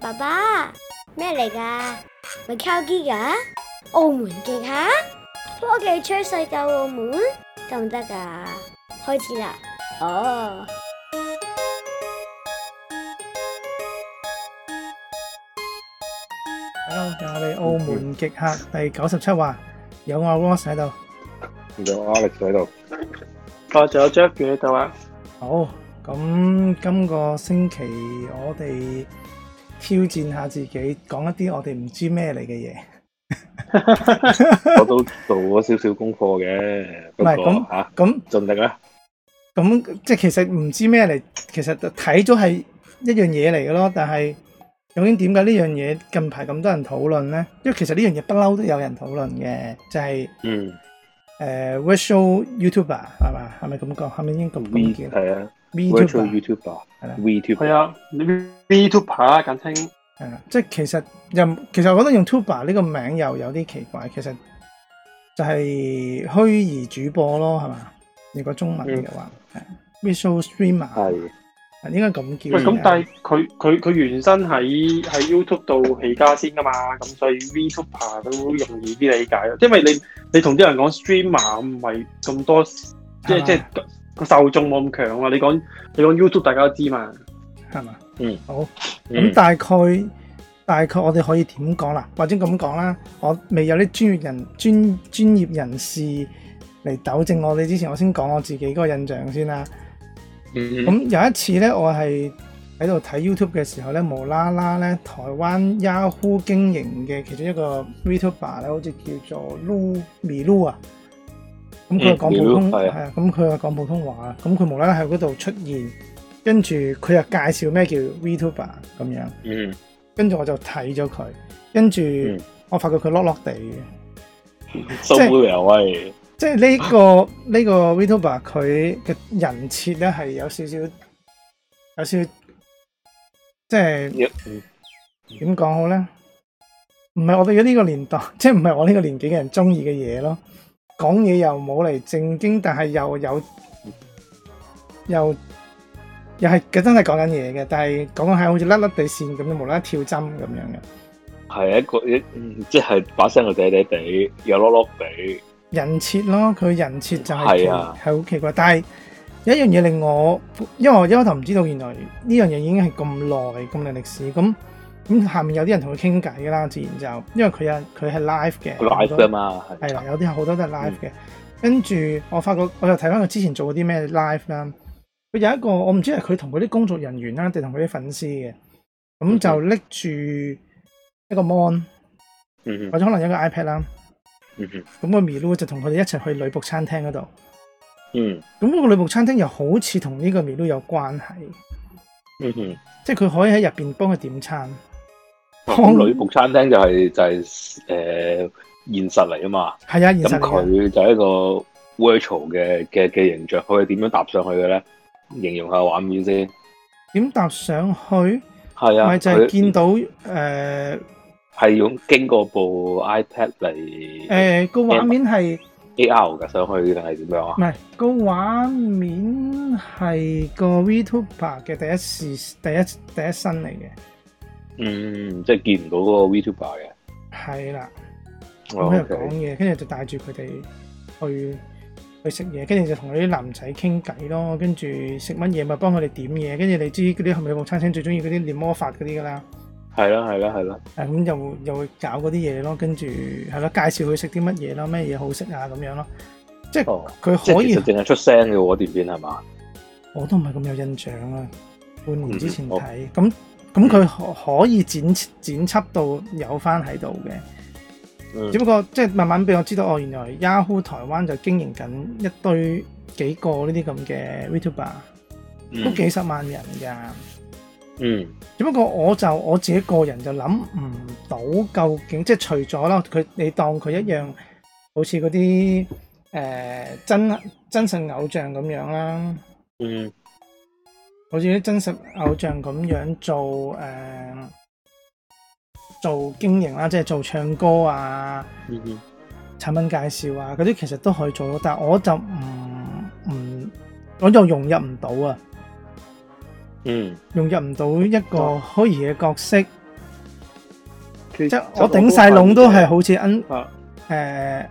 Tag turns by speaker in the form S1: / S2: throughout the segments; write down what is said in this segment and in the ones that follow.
S1: 爸爸，咩嚟噶？咪科技噶，澳門極客科技出世救澳門得唔得噶？開始啦，哦
S2: ，Hello，
S3: 我哋澳門極客第九十七話，有我 Ross 喺度，
S1: 有我 Alex 喺度，哦，仲有 Jack 喺度。好，
S3: 咁今個星期我哋。挑戰下自己，講一啲我哋唔知咩嚟嘅嘢。
S4: 我都做咗少少功課嘅，唔係咁
S3: 吓咁盡力啦。咁、嗯、即係其實唔知咩嚟，其實睇咗係一樣嘢嚟嘅咯。但係究竟點解呢樣嘢近排咁多人討論咧？因爲其實呢樣嘢不嬲都有人討論嘅，就係、
S4: 是、
S3: 嗯誒 racial、呃、youtuber 係嘛，係咪咁講？係咪應該咁理解？係啊、嗯。嗯嗯 V tuber，Virtual
S1: YouTuber 係啦的，V tuber 係啊，V tuber 啦，uber，簡稱係
S3: 啦，即係其實任，其實我覺得用 tuber 呢個名又有啲奇怪，其實就係虛擬主播咯，係嘛？如果中文嘅話、嗯、virtual streamer 係，係、er, 的應該咁叫。喂，咁但係
S1: 佢佢佢原身喺喺 YouTube 度起家先噶嘛，咁所以 V tuber 都容易啲理解咯，因為你你同啲人講 streamer 唔係咁多，即係即係。受眾冇咁強啊！你講你講 YouTube，大家都知嘛？
S3: 係嘛吧？嗯，好。咁大概、嗯、大概我哋可以點講啦？或者咁講啦？我未有啲專業人專專業人士嚟糾正我哋之前我先講我自己嗰個印象先啦。
S2: 咁、嗯、
S3: 有一次呢，我係喺度睇 YouTube 嘅時候呢，無啦啦呢，台灣 Yahoo 經營嘅其中一個 YouTuber 呢，好似叫做魯米、um、魯啊。
S5: 咁佢講普通
S3: 係啊，咁佢又講普通話，咁佢無啦啦喺嗰度出現，跟住佢又介紹咩叫 VTuber 咁樣，嗯，跟住我就睇咗佢，跟住我發覺佢碌落地嘅，
S4: 即係、呢個
S3: 即係、呢個呢個 VTuber 佢嘅人設咧係有少少有少少即係點講好咧？唔係我哋呢個年代，即係唔係我呢個年紀嘅人中意嘅嘢咯。講嘢又冇嚟正經，但係又有又又係佢真係講緊嘢嘅，但係講講係好似甩甩地線咁，無啦啦跳針咁樣嘅。
S4: 係一個即係、嗯就係、把聲又嗲嗲地，又囉囉地。
S3: 人設咯，佢人設就係係好奇怪。但係有一樣嘢令我，因為我一開頭唔知道，原來呢樣嘢已經係咁耐咁嘅歷史咁。咁下面有啲人同佢傾偈㗎啦，自然就因為佢 'm、nice、有佢係 live 嘅，live 啊嘛，係啦，有啲好多都係 live 嘅。嗯、跟住我發覺，我又睇返佢之前做過啲咩 live 啦。佢有一個，我唔知係佢同佢啲工作人員啦，定同佢啲粉絲嘅。咁就拎住一個 mon、嗯、
S2: 哼或者可能
S3: 有個 iPad 啦、嗯
S2: 哼。
S3: 咁個 Milo 就同佢哋一齊去女僕餐廳嗰
S4: 度。
S3: 嗯。咁個女僕餐廳又好似同呢個 Milo 有關係。嗯、哼即係佢可以喺入邊幫佢點餐。女
S4: 僕餐廳就係、是、就係、是、誒、呃、現實嚟啊嘛，係啊，咁佢就係一個 virtual 嘅嘅嘅形象，佢係點樣搭上去嘅咧？形容下畫面先。
S3: 點搭上去？
S4: 係啊，咪就係見
S3: 到誒，
S4: 係他、呃、用經過部 iPad 嚟誒個、呃、畫面係 AR 嘅上去定係點樣啊？唔係
S3: 個畫面係個 Vtuber 嘅第一次第一第一身嚟嘅。
S4: 嗯，即係見唔到嗰個 Vtuber 嘅，
S3: 係啦了，
S4: 我喺度講
S3: 嘢，帶跟住就帶住佢哋去去食嘢，跟住就同嗰啲男仔傾偈咯，跟住食乜嘢咪幫佢哋點嘢，跟住你知嗰啲係咪有冇餐廳最中意嗰啲練魔法嗰啲噶啦？
S4: 係啦係啦係
S3: 啦，咁又又會搞嗰啲嘢咯，跟住係咯，介紹佢食啲乜嘢咯，咩嘢好食啊咁樣咯，即係佢可
S4: 以淨係出聲嘅喎，片片係嘛？的是
S3: 是我都唔係咁有印象啊，半年之前睇咁。嗯哦咁佢可可以剪剪輯到有翻喺度嘅，嗯、
S2: 只不過
S3: 即係慢慢俾我知道，我原來 Yahoo 台灣就經營緊一堆幾個呢啲咁嘅 VTuber 都幾十萬人㗎、嗯。嗯，只不過我就我自己個人就諗唔到究竟，即係除咗啦，佢你當佢一樣，好似嗰啲誒真真實偶像咁樣啦。嗯。好似啲真實偶像咁樣做，誒、呃，做經營啦，即係做唱歌啊，嗯嗯、產品介紹啊，嗰啲其實都可以做咯。但係我就唔唔，我就融入唔到啊。嗯，融入唔到一個虛擬嘅角色。即係我頂晒籠都係好似 Uncle 誒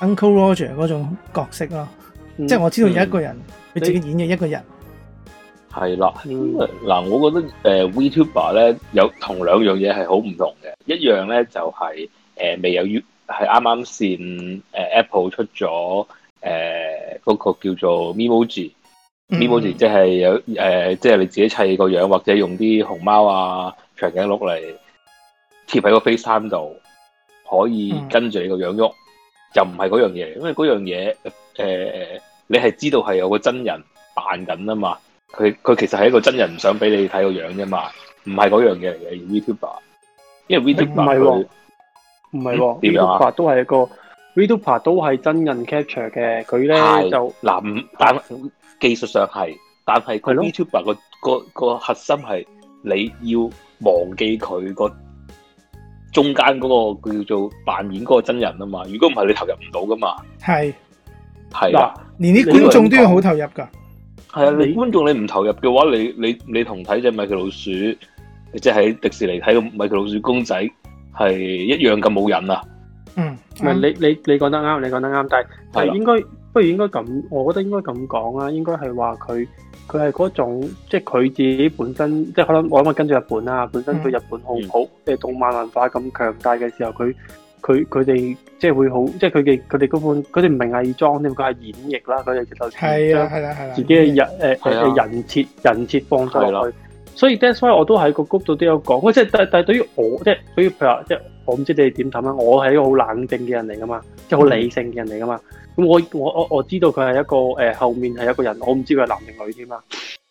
S3: Uncle Roger 嗰種角色咯。嗯、即係我知道有一個人，佢、嗯、自己演繹一個人。
S4: 係啦，嗱、嗯，我覺得誒、呃、VTuber 咧有同兩樣嘢係好唔同嘅，一樣咧就係、是、誒、呃、未有 U，係啱啱先誒 Apple 出咗誒嗰個叫做 Memoji，Memoji、嗯、即係有誒，即、呃、係、就是、你自己砌個樣，或者用啲熊貓啊、長頸鹿嚟貼喺個 FaceTime 度，可以跟住你個樣喐，嗯、就唔係嗰樣嘢，因為嗰樣嘢誒、呃、你係知道係有個真人扮緊啊嘛。佢佢其實係一個真人唔想俾你睇個樣啫嘛，唔係嗰樣嘢嚟嘅。VTuber 因為
S1: VTuber 唔係、欸，唔係點樣啊？都係一個 v, 都個 VTuber 都係真人 capture 嘅。佢咧就
S4: 嗱，但技術上係，但係佢 VTuber 個個個核心係你要忘記佢、個中間嗰個叫做扮演嗰個真人啊嘛。如果唔係，你投入唔到噶嘛。係係嗱，連啲觀眾都要
S3: 好投入噶。
S4: 係啊，你，你觀眾你唔投入嘅話，你你你同睇隻米奇老鼠，即係喺迪士尼睇個米奇老鼠公仔，係一樣咁冇癮啊！嗯，
S1: 嗯，咪你你你講得啱，你講得啱，但係的應該不如應該咁，我覺得應該咁講啊，應該係話佢佢係嗰種，即係佢自己本身，即係可能我諗下跟住日本啦，本身佢日本好唔好？即係、嗯、動漫文化咁強大嘅時候，佢。佢佢哋即係會好，即係佢哋佢哋嗰本，佢哋唔係偽裝添，佢係演繹啦，佢哋就啦自己嘅人誒人設人設放咗落去。的所以 that's why 我都喺個谷度都有講。即係但但對於我，即係對於譬如話，即係我唔知你哋點諗啊，我係一個好冷靜嘅人嚟㗎嘛，即係好理性嘅人嚟㗎嘛。咁、嗯、我我我我知道佢係一個誒後面係一個人，我唔知佢係男定女添嘛。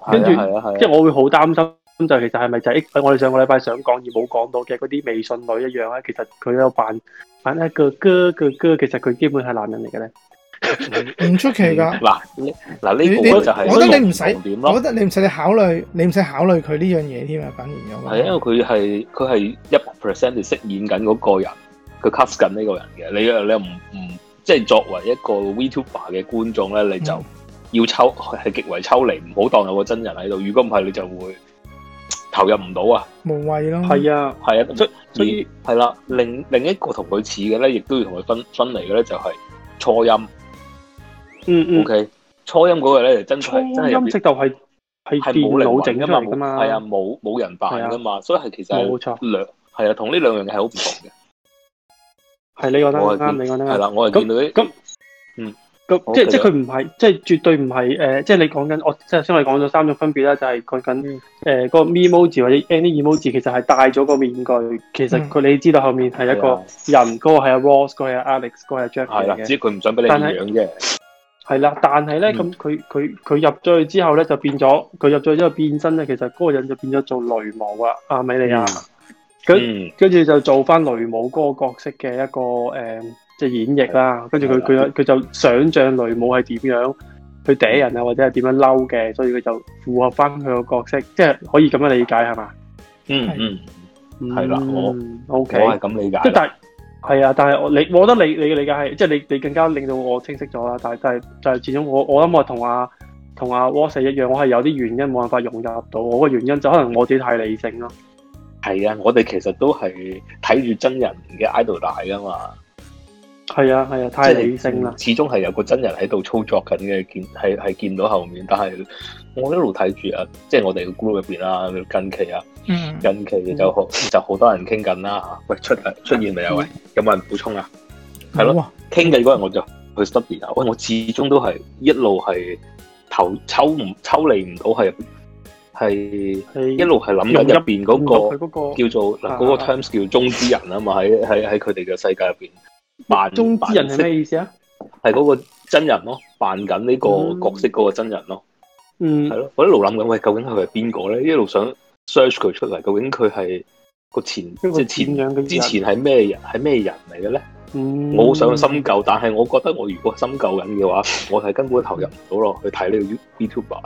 S2: 跟住即係
S1: 我會好擔心。咁就其實係咪就係我哋上個禮拜想講而冇講到嘅嗰啲微信女一樣咧，啊？其實佢有扮扮一個 girl，個 girl，其實佢基本係男人嚟嘅咧，
S3: 唔出奇噶。嗱，
S1: 嗯，嗱
S4: 呢個就係我覺得你唔使，我覺
S3: 得你唔使你考慮，你唔使考慮佢呢樣嘢添啊。反而
S4: 係，啊、因為佢係佢係一百 percent 地飾演緊嗰個人，佢 cut 緊呢個人嘅。你你又唔唔即係作為一個 Vtuber 嘅觀眾咧，你就要抽係極為抽離，唔好當有個真人喺度。如果唔係，你就會。投入唔到啊，
S3: 無謂咯，係啊，
S4: 係啊，所以所以係啦，另另一個同佢似嘅咧，亦都要同佢分分離嘅咧，就係初音，嗯嗯，O K，初音嗰個咧真係真係音色就係係電腦整噶嘛，係啊，冇冇人扮噶嘛，所以係其實冇錯兩係啊，同呢兩樣嘢係好唔同嘅，
S1: 係你講得啱，你講得啱，係啦，
S4: 我係見到啲咁嗯。那 Okay. 即係即係佢
S1: 唔係，即係絕對唔係誒！即係你講緊，我即係先我講咗三種分別啦，就係講緊誒個 Memoji 或者 Animoji，其實係戴咗個面具，其實佢、嗯、你知道後面係一個人，嗰的個係阿 Ross，嗰個係 Alex，嗰個係 Jack 嘅的。係啦的，只係佢唔想俾你見樣
S4: 啫。
S1: 係啦，但係咧咁佢佢佢入咗去之後咧就變咗，佢入咗去之後變身咧，其實嗰個人就變咗做雷武啊，阿美利亞。咁跟住就做翻雷武嗰個角色嘅一個誒。嗯即係演繹啦，跟住佢佢佢就想象雷姆係點樣去嗲人啊，或者係點樣嬲嘅，所以佢就符合翻佢個角色，即係可以咁樣理解係嘛？嗯嗯，係啦，我 okay, 我係咁理解但。但係係啊，但係我你，我覺得你你嘅理解係，即係你你更加令到我清晰咗啦。但係但係但係，就係始終我我諗我同阿同阿沃世一樣，我係有啲原因冇辦法融入到。我個原因就可能我自己太理性咯。
S4: 係啊，我哋其實都係睇住真人嘅 idol 大噶嘛。
S1: 係啊，係啊，太理性啦。始終係有個真人喺度操
S4: 作緊嘅，見係係見到後面，但係我一路睇住啊，即、就、係、是、我哋嘅 group 入邊啦，近期啊，嗯、近期就好、嗯、就好多人傾緊啦吓。喂，出出現未、嗯、有喂，有冇人補充啊？係咯，傾緊嗰日我就去 study 啊。喂，我始終都係一路係頭抽唔抽離唔到，係係一路係諗入入邊嗰個叫做嗱嗰個 terms 叫中之人啊嘛，喺喺喺佢哋嘅世界入邊。扮中之人係咩意思啊？係嗰個真人咯，扮緊呢個角色嗰個真人咯、嗯。嗯，係咯，我一路諗緊，喂，究竟佢係邊個咧？一路想 search 佢出嚟，究竟佢係個前即係前兩，前前是之前係咩人？係咩人嚟嘅咧？嗯、
S1: 我好想深
S4: 究，但係我覺得我如果深究緊嘅話，我係根本投入唔到咯， 去睇呢個 YouTuber 嘅。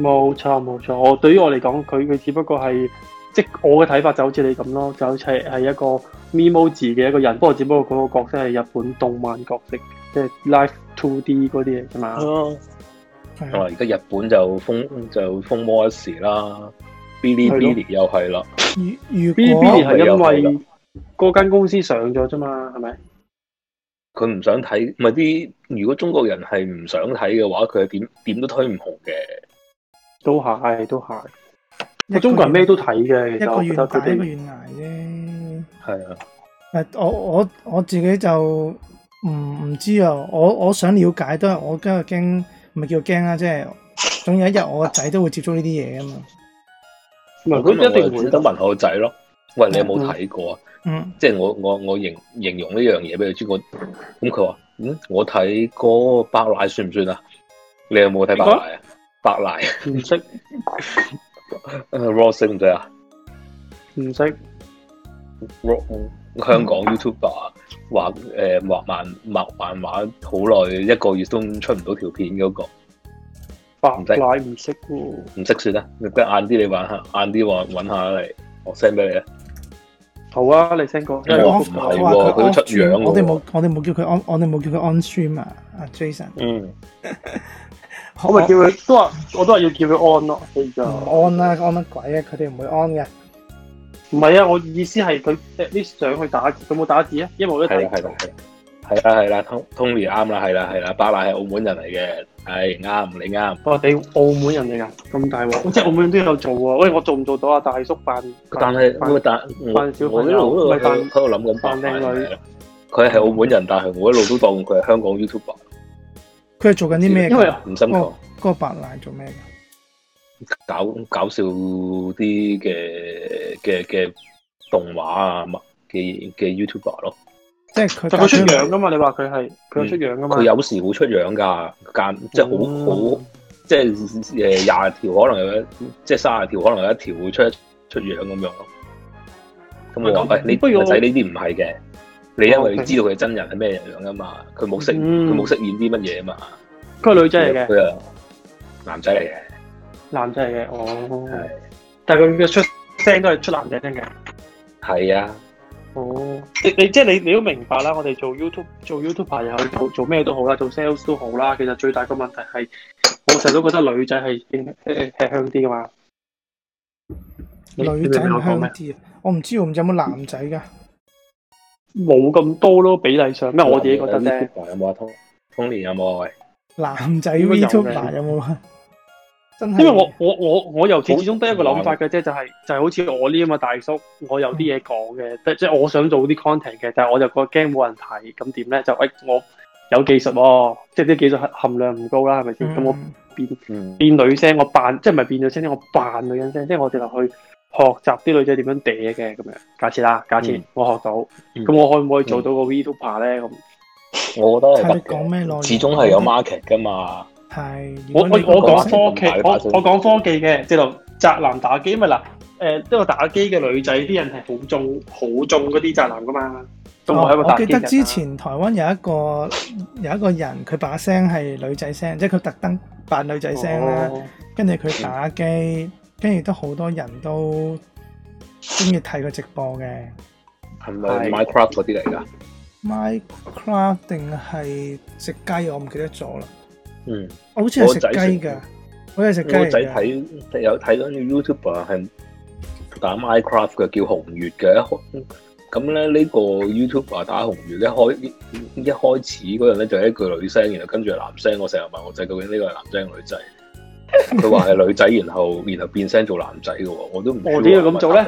S1: 冇錯，冇錯。對於我對於我嚟講，佢佢只不過係。即我嘅睇法就好似你咁咯，就好似係係一個 Memo 字嘅一個人，不過只不過嗰個角色係日本動漫角色即係、就是、Live Two D 嗰啲嘢啫嘛。係咯，
S4: 同而家日本就風就風魔一時啦，Bilibili 了又係啦
S3: 果，Bilibili 係因為
S1: 嗰間公司上咗啫嘛，係咪？
S4: 佢唔想睇咪啲？如果中國人係唔想睇嘅話，佢係點點都推唔紅嘅。
S1: 都係，都係。
S3: 中國人咩都睇嘅，一個願打一個願挨啫。係啊的，誒，我我我自己就唔唔知啊。我我想了解，都係我今日驚，咪叫做驚啦，即係總有一日我個仔都會接觸呢啲嘢啊嘛。
S4: 唔係，咁一定只得問我個仔咯。喂，你有冇睇過嗯？嗯，即係我我我形形容呢樣嘢俾你知，我咁佢話嗯，我睇嗰白奶算唔算啊？你有冇睇白奶？啊？白奶，唔識、嗯。 Ross，我識唔識啊？
S1: 唔識，香港
S4: YouTuber 畫誒畫、嗯、漫畫漫畫好耐，呃、一個月都出唔到條片嗰、那個，不白奶唔
S1: 識喎，
S4: 唔識算啦。你得晏啲，你玩下晏啲話搵下你，我 send 俾你啊。好啊，你 send 過，因為我唔係喎，佢出樣、啊我。我哋冇，
S3: 我哋冇叫佢安，我哋冇叫佢 on stream 啊，Jason，嗯。 我咪叫佢、哦、
S1: 都話，我都話要叫佢安咯。唔
S3: 安啦，安乜、啊、鬼啊？佢哋唔會安嘅。
S1: 唔係啊，我意思係佢啲上去打，佢冇打字啊，因為我都。係啦係啦係啦，係啦係啦，Tony 啱啦，係啦係啦，爸爸係澳門人嚟
S4: 嘅，係啱，你啱。不我屌，
S1: 澳門人嚟噶，咁大鑊，即係澳門人都有做喎。喂，我做唔做到啊？大叔扮，但係我咪
S4: 小我一路都喺度諗緊扮靚女。佢係澳門人，但係我一路都當佢係香港 YouTuber。
S3: 佢做緊啲咩？因為唔辛苦。嗰個白賴做咩？
S4: 搞搞笑啲嘅嘅嘅動畫啊，麥嘅嘅 YouTuber 咯。
S1: 即係佢出樣噶嘛？你話佢係佢有出樣噶嘛？佢有
S4: 時會出樣噶，間即係好好，即係誒廿條可能有一，即係卅條可能有一條會出出樣咁樣咯。咁、喔欸、你講，不如你仔呢啲唔係嘅。你因為你知道佢真人係咩樣啊嘛？佢冇識，佢冇識演啲乜嘢啊嘛？
S1: 佢係女仔嚟嘅，佢啊男仔嚟嘅，男仔嚟嘅哦。但係佢嘅出聲都係出男仔聲嘅，係啊。哦，你你即係你你都明白啦。我哋做 YouTube 做 YouTuber 又做做咩都好啦，做 sales 都好啦。其實最大個問題係，我成日都覺得女仔係誒吃香啲噶嘛。
S4: 女仔唔香啲，
S3: 我唔知有冇男仔㗎。
S4: 冇咁多咯，比例上咩？我自己覺得咧，有冇阿通？通年有冇愛？
S3: 男仔 VTuber 有冇啊？真係因為我我我我由始始終得一個諗法
S1: 嘅，啫，就係就係好似我呢咁嘅大叔，我有啲嘢講嘅，即係、嗯、我想做啲 content 嘅，但係我就覺得驚冇人睇，咁點咧？就喂、哎、我有技術喎，即係啲技術含量唔高啦，係咪先？咁、嗯、我變、嗯、變女聲，我扮即係咪變咗聲咧？我扮女人聲，即係我哋落去。學習啲女仔點樣嗲嘅咁樣，假設啦，假設我學到，咁我可唔可以做到個 Vtuber 咧？咁我我
S3: 覺得，係，你講咩內容？始終係有
S1: market 噶嘛
S3: 係我我講科技，我我
S1: 講科技嘅，即係宅男打機咪嗱，誒，因為打機嘅女仔啲人係好中好中嗰啲宅男噶嘛仲係一個打機人。我記得之
S3: 前台灣有一個有一個人，佢把聲係女仔聲，即係佢特登扮女仔聲啦，跟住佢打機。跟住都好多人都中意睇佢直播嘅，
S4: 係咪 Minecraft 嗰啲嚟
S3: 噶？Minecraft 定係食雞？我唔記得咗啦。嗯，
S4: 好似係食雞嘅，
S3: 我係食雞嘅。
S4: 個仔睇有睇到 YouTuber 係打 Minecraft 嘅，叫紅月嘅。咁咧，呢個 YouTuber 打紅月一開一開始嗰陣咧就係一句女聲，然後跟住係男聲。我成日問我仔究竟呢個係男聲女仔？佢話係女仔，然後然後變聲做男仔嘅，我都唔知點解咁做咧。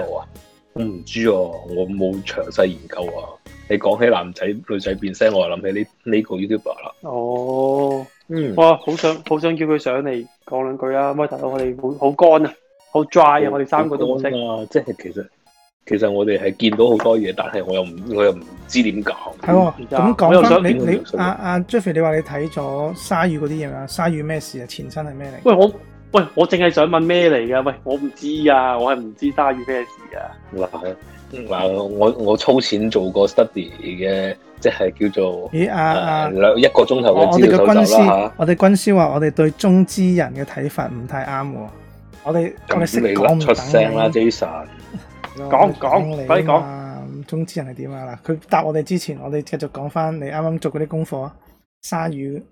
S4: 我唔知啊，我冇詳細研究啊。你講起男仔、女仔變聲，我又諗起呢呢個 YouTuber 啦。哦，
S3: 嗯，哇，
S1: 好想好想叫佢上嚟講兩句啊！喂，大佬很，我哋好好乾啊，好 dry 啊，我哋三個都唔識
S4: 啊，即係其實。其實我哋係見到好多嘢，但係我又唔我又唔知
S1: 點講。
S4: 係，
S3: 咁講翻你你阿阿 Jeffrey，你話你睇咗鯊魚嗰啲嘢啊？鯊魚咩事啊？前身係咩嚟？喂
S1: 我喂我淨係想問咩嚟噶？喂我唔知啊，我係唔知鯊魚咩事啊？
S4: 嗱嗱我我我粗錢做過 study 嘅，即係叫做咦阿阿兩一個鐘頭嘅。我哋嘅軍師，
S3: 我哋軍師話我哋對中之人嘅睇法唔太啱。我哋我哋出聲啦
S4: ，Jason。講
S3: 講，快講。總之人係點啊啦？佢答我哋之前，我哋繼續講翻你啱啱做嗰啲功課。鯊魚，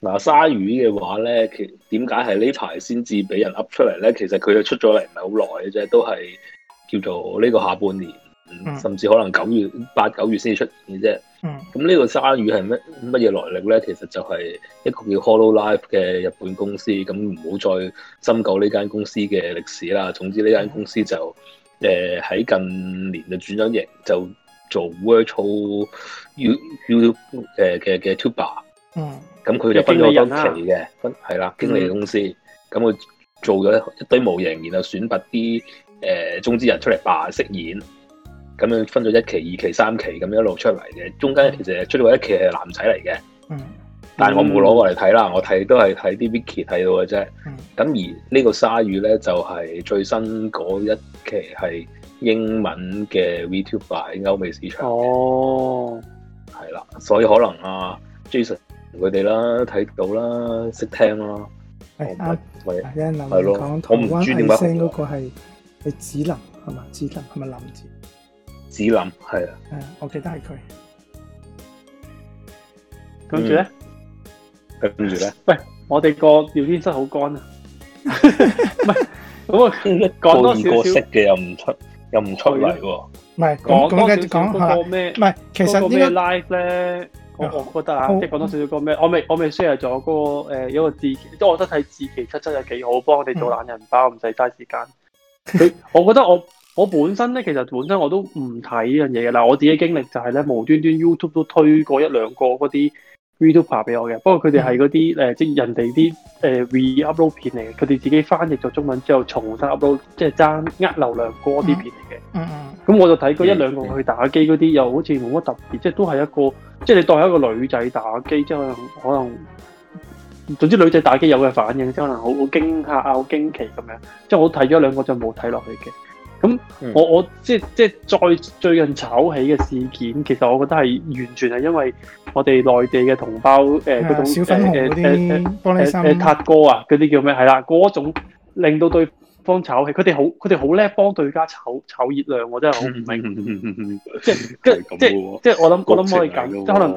S4: 嗱，鯊魚嘅話咧，其點解係呢排先至俾人噏出嚟咧？其實佢又出咗嚟唔係好耐嘅啫，都係叫做呢個下半年，甚至可能九月、八九月先至出現嘅啫。咁、嗯、呢個鯊魚係乜乜嘢來歷咧？其實就係一個叫 Hololive 嘅日本公司。咁唔好再深究呢間公司嘅歷史啦。總之呢間公司就。嗯誒喺、呃、近年嘅轉咗型就做 Virtual YouTube 嘅嘅 Tuber，嗯，咁佢、呃嗯、就分咗一期嘅分係啦經理公司，咁佢、嗯、做咗一堆模型，然後選拔啲誒、呃、中之人出嚟扮飾演，咁樣分咗一期、二期、三期咁一路出嚟嘅，中間其實出咗一期係男仔嚟嘅，嗯。
S3: 但係我冇攞過嚟
S4: 睇啦，我睇都係睇啲 wiki 睇到嘅啫。咁而呢個鯊魚咧，就係最新嗰一期係英文嘅 VTuber 喺歐美市場。哦，係啦，所以可能啊 Jason 佢哋啦睇到啦，識聽啦。
S3: 係啊，係有人留言講台灣第一聲嗰個係子林係嘛？子林係咪林子？
S4: 子林係啊，係啊，
S3: 我記得係佢。跟住咧？
S1: 跟住咧，呢喂，我哋個聊天室好乾啊！唔係，咁啊，講多少少，識
S4: 嘅又唔出， 了又唔出嚟喎、啊。唔係，
S3: 講多
S1: 少少個咩？唔係，其實個、like、呢個 live 咧，我、嗯、我覺得啊，即係講多少少嗰咩？我未，我未 share 咗嗰個誒，有、呃、個字，即係我覺得睇字其出真係幾好，幫我哋做懶人包，唔使嘥時間。我覺得我我本身咧，其實本身我都唔睇呢樣嘢嘅嗱，我自己經歷就係咧，無端端 YouTube 都推過一兩個嗰啲。VTuber 俾我嘅，不過佢哋係嗰啲誒，即係人哋啲誒、呃、reupload 片嚟嘅，佢哋自己翻譯咗中文之後重新 upload，即係爭呃流量嗰啲片嚟嘅。嗯嗯、mm。咁、hmm。我就睇過一兩個去打機嗰啲，又好似冇乜特別，即係都係一個，即係你當係一個女仔打機，即係可能可能，總之女仔打機有嘅反應，即可能好好驚嚇啊，好驚奇咁樣。即係我睇咗一兩個就冇睇落去嘅。
S2: 咁我我
S1: 即即再最近炒起嘅事件，其實我覺得係完全係因為我哋內地嘅同胞誒嗰的種誒誒誒誒誒塔哥啊嗰啲叫咩？係啦，嗰種令到對方炒起，佢哋好佢哋好叻，幫對家炒炒熱量。我真係好唔明白 即，即 即即、啊、我諗我諗可以緊，即可能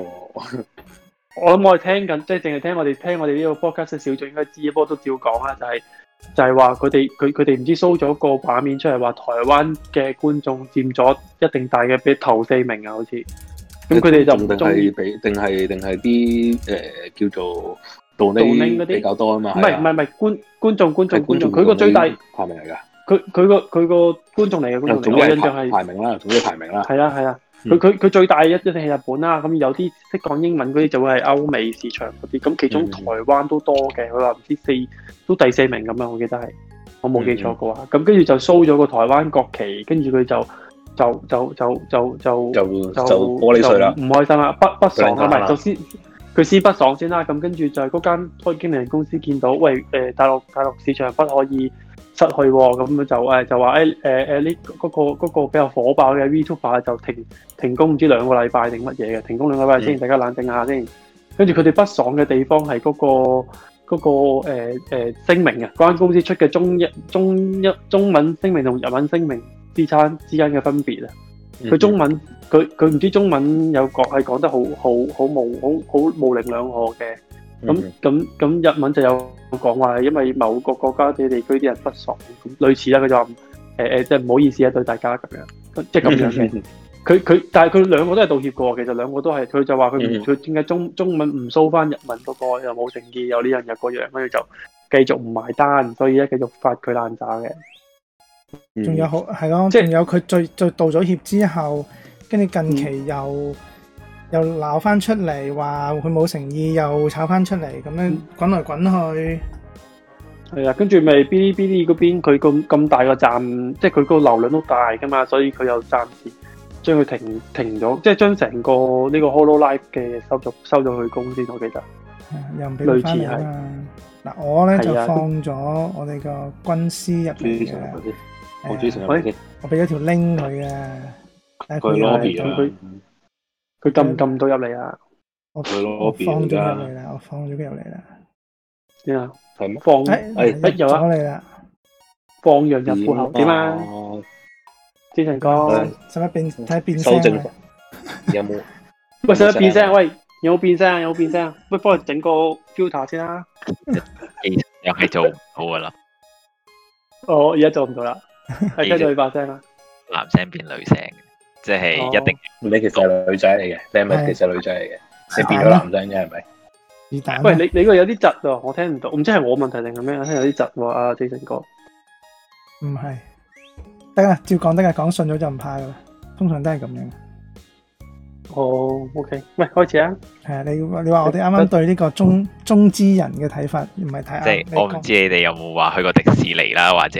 S1: 我諗我係聽緊，即淨係聽我哋聽我哋呢個 podcast 少少，應該知啊，不過都照講啦，就係、是。就係話佢哋佢佢哋唔知 show 咗個畫面出嚟，話台灣嘅觀眾佔咗一定大嘅，比頭四名啊，好似
S4: 咁佢哋就唔中意畀，定係定係啲誒叫做道領嗰啲比較多啊嘛。唔係唔係
S1: 唔係觀觀眾觀眾觀眾，佢個最低理排名嚟噶。佢佢個佢個觀眾嚟嘅觀眾嚟嘅，我印象係排名啦，總之排名啦。係啊係啊。佢佢佢最大一一定係日本啦，咁有啲識講英文嗰啲就會係歐美市場嗰啲，咁其中台灣都多嘅，佢話唔知四都第四名咁樣，我記得係，我冇記錯嘅話，咁跟住就 show 咗個台灣國旗，跟住佢就就就就就就就過嚟水啦，唔開心啦，不不爽啦，唔係就先佢先不爽先啦，咁跟住就係嗰間推經理人公司見到，喂，誒大陸大陸市場不可以。失去喎，咁樣就誒就話誒誒誒呢嗰個嗰個比較火爆嘅 Vtuber 就停停工唔知兩個禮拜定乜嘢嘅，停工兩個禮拜先，大家冷靜下先。跟住佢哋不爽嘅地方係嗰個嗰個誒誒聲明啊，嗰間公司出嘅中一中一中文聲明同日文聲明之差之間嘅分別啊，佢中文佢佢唔知中文有講係講得好好好冇好好模棱兩可嘅。咁咁咁日文就有講話，因為某個國家嘅地區啲人不爽，類似啦。佢就話，誒誒，即係唔好意思啊，對大家咁樣，即係咁樣佢佢，但係佢兩個都係道歉嘅其實兩個都係，佢就話佢唔，點解 中中文唔 show 翻日文嗰個又冇誠意，有呢樣有嗰樣，跟住就繼續唔埋單，所以咧繼續發佢爛渣嘅。嗯，仲有好
S3: 係咯，即係有佢最最道咗歉之後，跟住近期又，嗯。又鬧翻出嚟，話佢冇誠意，又炒翻出嚟，咁樣滾來滾去。
S1: 係啊，跟住咪嗶哩嗶哩嗰邊，佢咁咁大個站，即係佢個流量都大噶嘛，所以佢又暫時將佢停停咗，即係將成個呢個 Hololive 嘅收咗收咗去工先，我記得。
S3: 又唔俾翻嚟啊！嗱，我呢就放咗我哋個軍師入面啦。我俾咗條 link 佢啊，佢係 lobby 啊。
S1: 佢撳唔撳到入嚟啊，我放咗
S3: 入嚟
S1: 啦，我放咗入嚟啦。點啊？係
S3: 放誒誒，有啊，放羊入虎口點啊？志成哥，使唔使變睇變聲？有
S5: 冇？
S3: 喂，使唔使變聲？
S1: 喂，有冇變聲，有冇變聲，喂，幫佢整個 filter 先啦。
S5: 又係做好噶啦。
S1: 哦，而家做唔到啦，係跟住你把聲啦，男聲變女聲。
S5: 即係一定，你其實係女
S4: 仔嚟嘅，你係咪其實女仔嚟嘅？你變咗男仔啫係咪？
S1: 喂，你你個有啲窒喎，我聽唔到，唔知係我問題定係咩？我聽有啲窒喎，阿志成哥。
S3: 唔係，得啦，照講得嘅，講順咗就唔怕噶啦。通常都係咁樣。哦，OK，喂，開始啊。係啊，你你話我哋啱啱對呢個中中之人嘅睇法，唔係睇下即係我唔知你
S5: 哋有冇話去過迪士尼啦，或者
S3: 誒，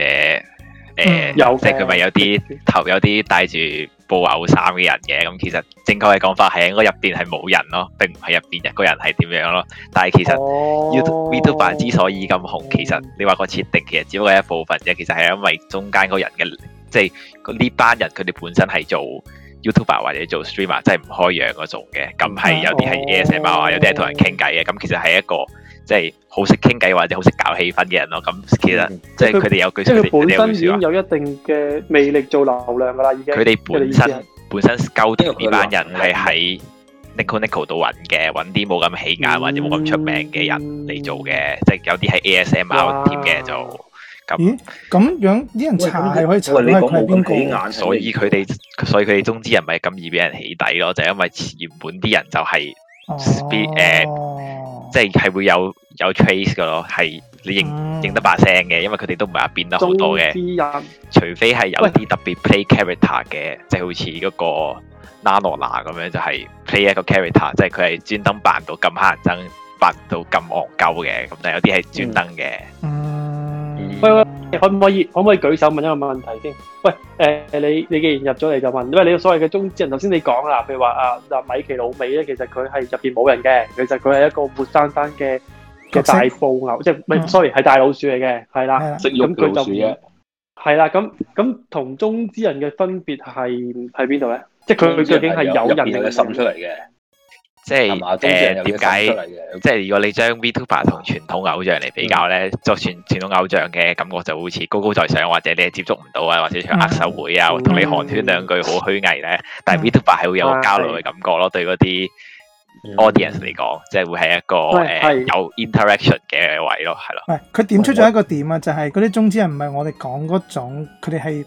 S3: 即係佢咪
S5: 有啲頭有啲戴住。布偶衫嘅人嘅，咁其實正確嘅講法係應該入邊係冇人咯，並唔係入邊一個人係點樣咯。但係其實 YouTube YouTuber 之所以咁紅，其實你話個設定其實只不過一部分啫，其實係因為中間嗰人嘅，即係呢班人佢哋本身係做 YouTuber 或者做 Streamer，即係唔開樣嗰種嘅，咁係有啲係 ASMR 啊，有啲係同人傾偈嘅，咁其實係一個。即係好識傾偈或者好識搞氣氛嘅人咯，咁其實即係佢哋有句，他有句本身已經
S1: 有一定嘅魅力做流量噶啦，已經佢哋本身
S5: 本身勾搭呢班人係喺 Nico Nico 度揾嘅，揾啲冇咁起眼、嗯、或者冇咁出名嘅人嚟做嘅，即、就、係、是、有啲係 ASMR 點嘅就
S3: 咁。咦？咁、欸、樣啲人查係可以查，係邊個？所
S5: 以佢哋所以佢哋中之人咪咁易俾人起底咯？就係、是、因為原本啲人就係啲誒。啊呃即係會有有 trace 嘅咯，係你認、嗯、認得把聲嘅，因為佢哋都唔係變得好多嘅，除非係有啲特別 play character 嘅，即係喂好似嗰個娜娜咁樣，就係、是、play 一個 character，即係佢係專登扮到咁黑人憎，扮到咁惡鳩嘅，咁但係有啲係專登嘅。嗯。
S1: 嗯可唔可以可唔可以舉手問一個問題先？喂，誒你你既然入咗嚟就問，因為你個所謂嘅中之人，頭先你講啦，譬如話啊，嗱米奇老鼠咧，其實佢係入邊冇人嘅，其實佢係一個活生生嘅嘅大布牛，即係唔係？sorry，係大老鼠嚟嘅，係啦，咁佢就，係啦，咁咁同中之人嘅分別係喺邊度咧？即係佢佢究竟係有人定冇人出嚟嘅？
S5: 即係誒，點解、呃、即係如果你將 VTuber 同傳統偶像嚟比較咧，作、嗯、傳傳統偶像嘅感覺就好似高高在上，或者你接觸唔到啊，或者唱握手會啊，同、嗯、你寒暄兩句好虛偽咧。嗯、但係 VTuber 係會有交流嘅感覺咯，嗯、對嗰啲 audience 嚟講，嗯、即係會係一個誒有 interaction 嘅位咯，係咯。係
S3: 佢點出咗一個點啊？就係嗰啲中之人唔係我哋講嗰種，佢哋係。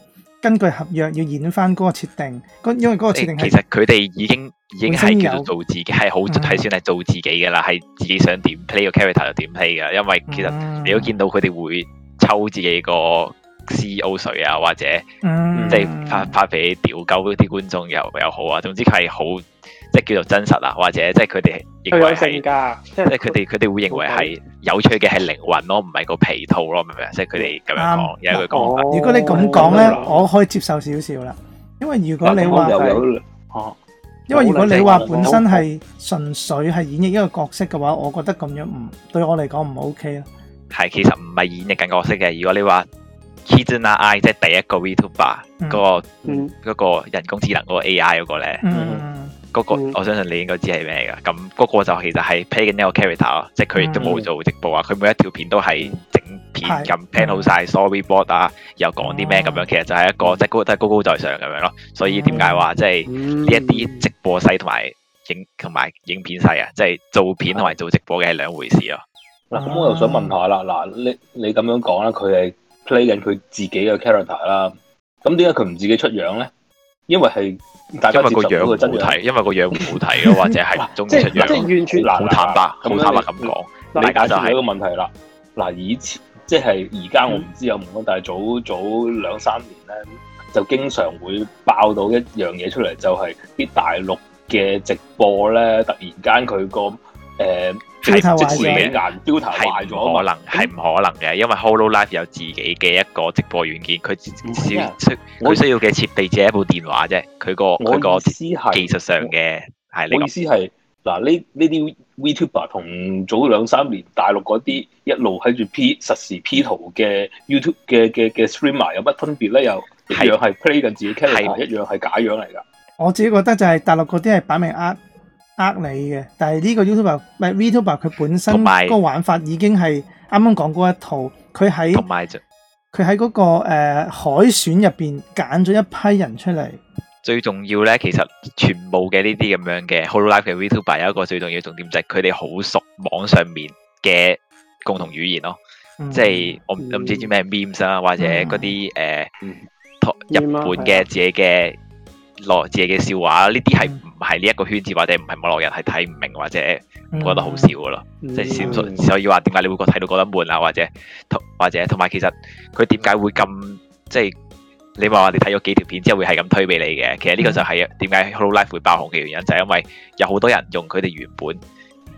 S3: 根據合約要演返嗰個設定，因為嗰個設定，其實
S5: 佢哋已經已經係叫做做自己，係好係算係做自己㗎喇，係、嗯、自己想點 play 個 character 就點 play 嘅，因為其實你都見到佢哋會抽自己個 CEO 水啊，或者即係發、嗯、發俾屌鳩啲觀眾又又好啊，總之佢係好。即係叫做真實啊，或者即係佢哋認為他的，即係佢哋佢哋會認為係有趣嘅係靈魂咯，唔係個皮套咯，明唔明啊？嗯、即係佢哋咁樣講。嗯、有佢講。如果你咁講咧，哦、
S3: 我可以接受少少啦。因為如果你話哦，嗯、
S5: 因為如果你話本身係
S3: 純粹係演繹一個角色嘅話，我覺得咁樣唔對我嚟講唔 OK 咯。
S5: 係，其實唔係演繹緊角色嘅。如果你話 Kizuna Ai 即係第一個 Vtuber 嗰個人工智能嗰個 AI 嗰個咧。嗯嗰、那個我相信你應該知係咩噶，咁、那、嗰個就其實係 play 緊呢個 character 咯，即係佢亦都冇做直播啊，佢每一條片都係整片咁 plan 好晒 storyboard 啊，又講啲咩咁樣，其實就係一個即係都係高高在上咁樣咯。所以點解話即係呢一啲直播細同埋影同埋影片細啊，即係做片同埋做直播嘅係兩回事咯。
S4: 嗱咁我又想問下啦，嗱你你咁樣講啦，佢係 play 緊佢自己嘅 character 啦，咁點解佢唔自己出樣咧？因為係，因為個樣唔好睇，因為個樣唔好睇咯，或者係唔中意出樣。好、 就是就是、坦白，好那坦白咁講，大家就係一個問題啦。嗱、就是，以前即係而家我唔知有冇啦，嗯、但係早早兩三年咧，就經常會爆到一樣嘢出嚟，就係、是、啲大陸嘅
S5: 直播咧，突然間佢個誒。呃係自己顏標頭壞咗，係唔可能係唔可能嘅，因為 Hololive 有自己嘅一個直播軟件，佢少出佢需要嘅設備只係一部電話啫。佢、嗰個佢個技術上嘅，
S4: 係我你意思係嗱呢呢啲 VTuber 同早兩三年大陸嗰啲一路喺住 P 實時 P 圖嘅 YouTube 嘅嘅嘅 Streamer 有乜分別咧？又一樣係 play 緊自己 c a m 一樣係假樣嚟㗎。
S3: 我自己覺得就係大陸嗰啲係擺明呃。呃你嘅，但係呢個 YouTuber 唔係 Vtuber，佢本身個玩法已經係啱啱講過一套，佢喺佢喺嗰個誒、呃、海選入邊揀咗一批人出嚟。
S5: 最重要咧，其實全部嘅呢啲咁樣嘅 Hololive 嘅 Vtuber 有一個最重要的重點就係佢哋好熟網上面嘅共同語言咯、哦，即係、嗯、我唔知知咩 memes 啊、嗯、或者嗰啲誒，呃嗯、日本嘅自己嘅。羅嘢嘅笑話，呢啲係唔係呢一個圈子或者唔係網絡人係睇唔明或者覺得好笑噶咯、mm hmm. mm hmm. 啊，即係少，所以話點解你會睇到覺得悶啊，或者同或者同埋其實佢點解會咁，即係你話我哋睇咗幾條片之後會係咁推俾你嘅，其實呢個就係啊點解 Hololive 會爆紅嘅原因就係、是、因為有好多人用佢哋原本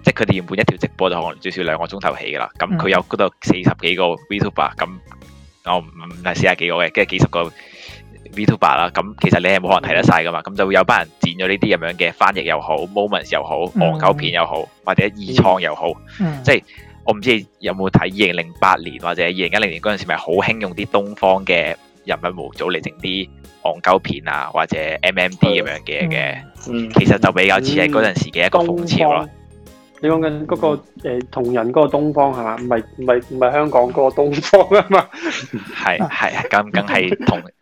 S5: 即係佢哋原本一條直播就可能最少兩個鐘頭起噶啦，咁佢有嗰度四十幾個 VTuber 咁哦唔係四廿幾個嘅，跟住幾十個。VTuber 啦，咁其實你係冇可能睇得晒噶嘛，咁、嗯、就會有一班人剪咗呢啲咁樣嘅翻譯又好，Moments 又好，戇狗、嗯、片又好，或者二創又好，嗯、即係我唔知你有冇睇二零零八年或者二零一零年嗰陣時，咪好興用啲東方嘅人物模組嚟整啲戇狗片啊，或者 MMD 咁的、嗯、樣嘅嘅，嗯、其實就比較似係嗰陣時嘅一個風潮咯。
S1: 你講緊嗰個誒、嗯、同人嗰個東方係嘛？唔係唔係唔係香港嗰個東方啊嘛？
S5: 係係， 更梗係同。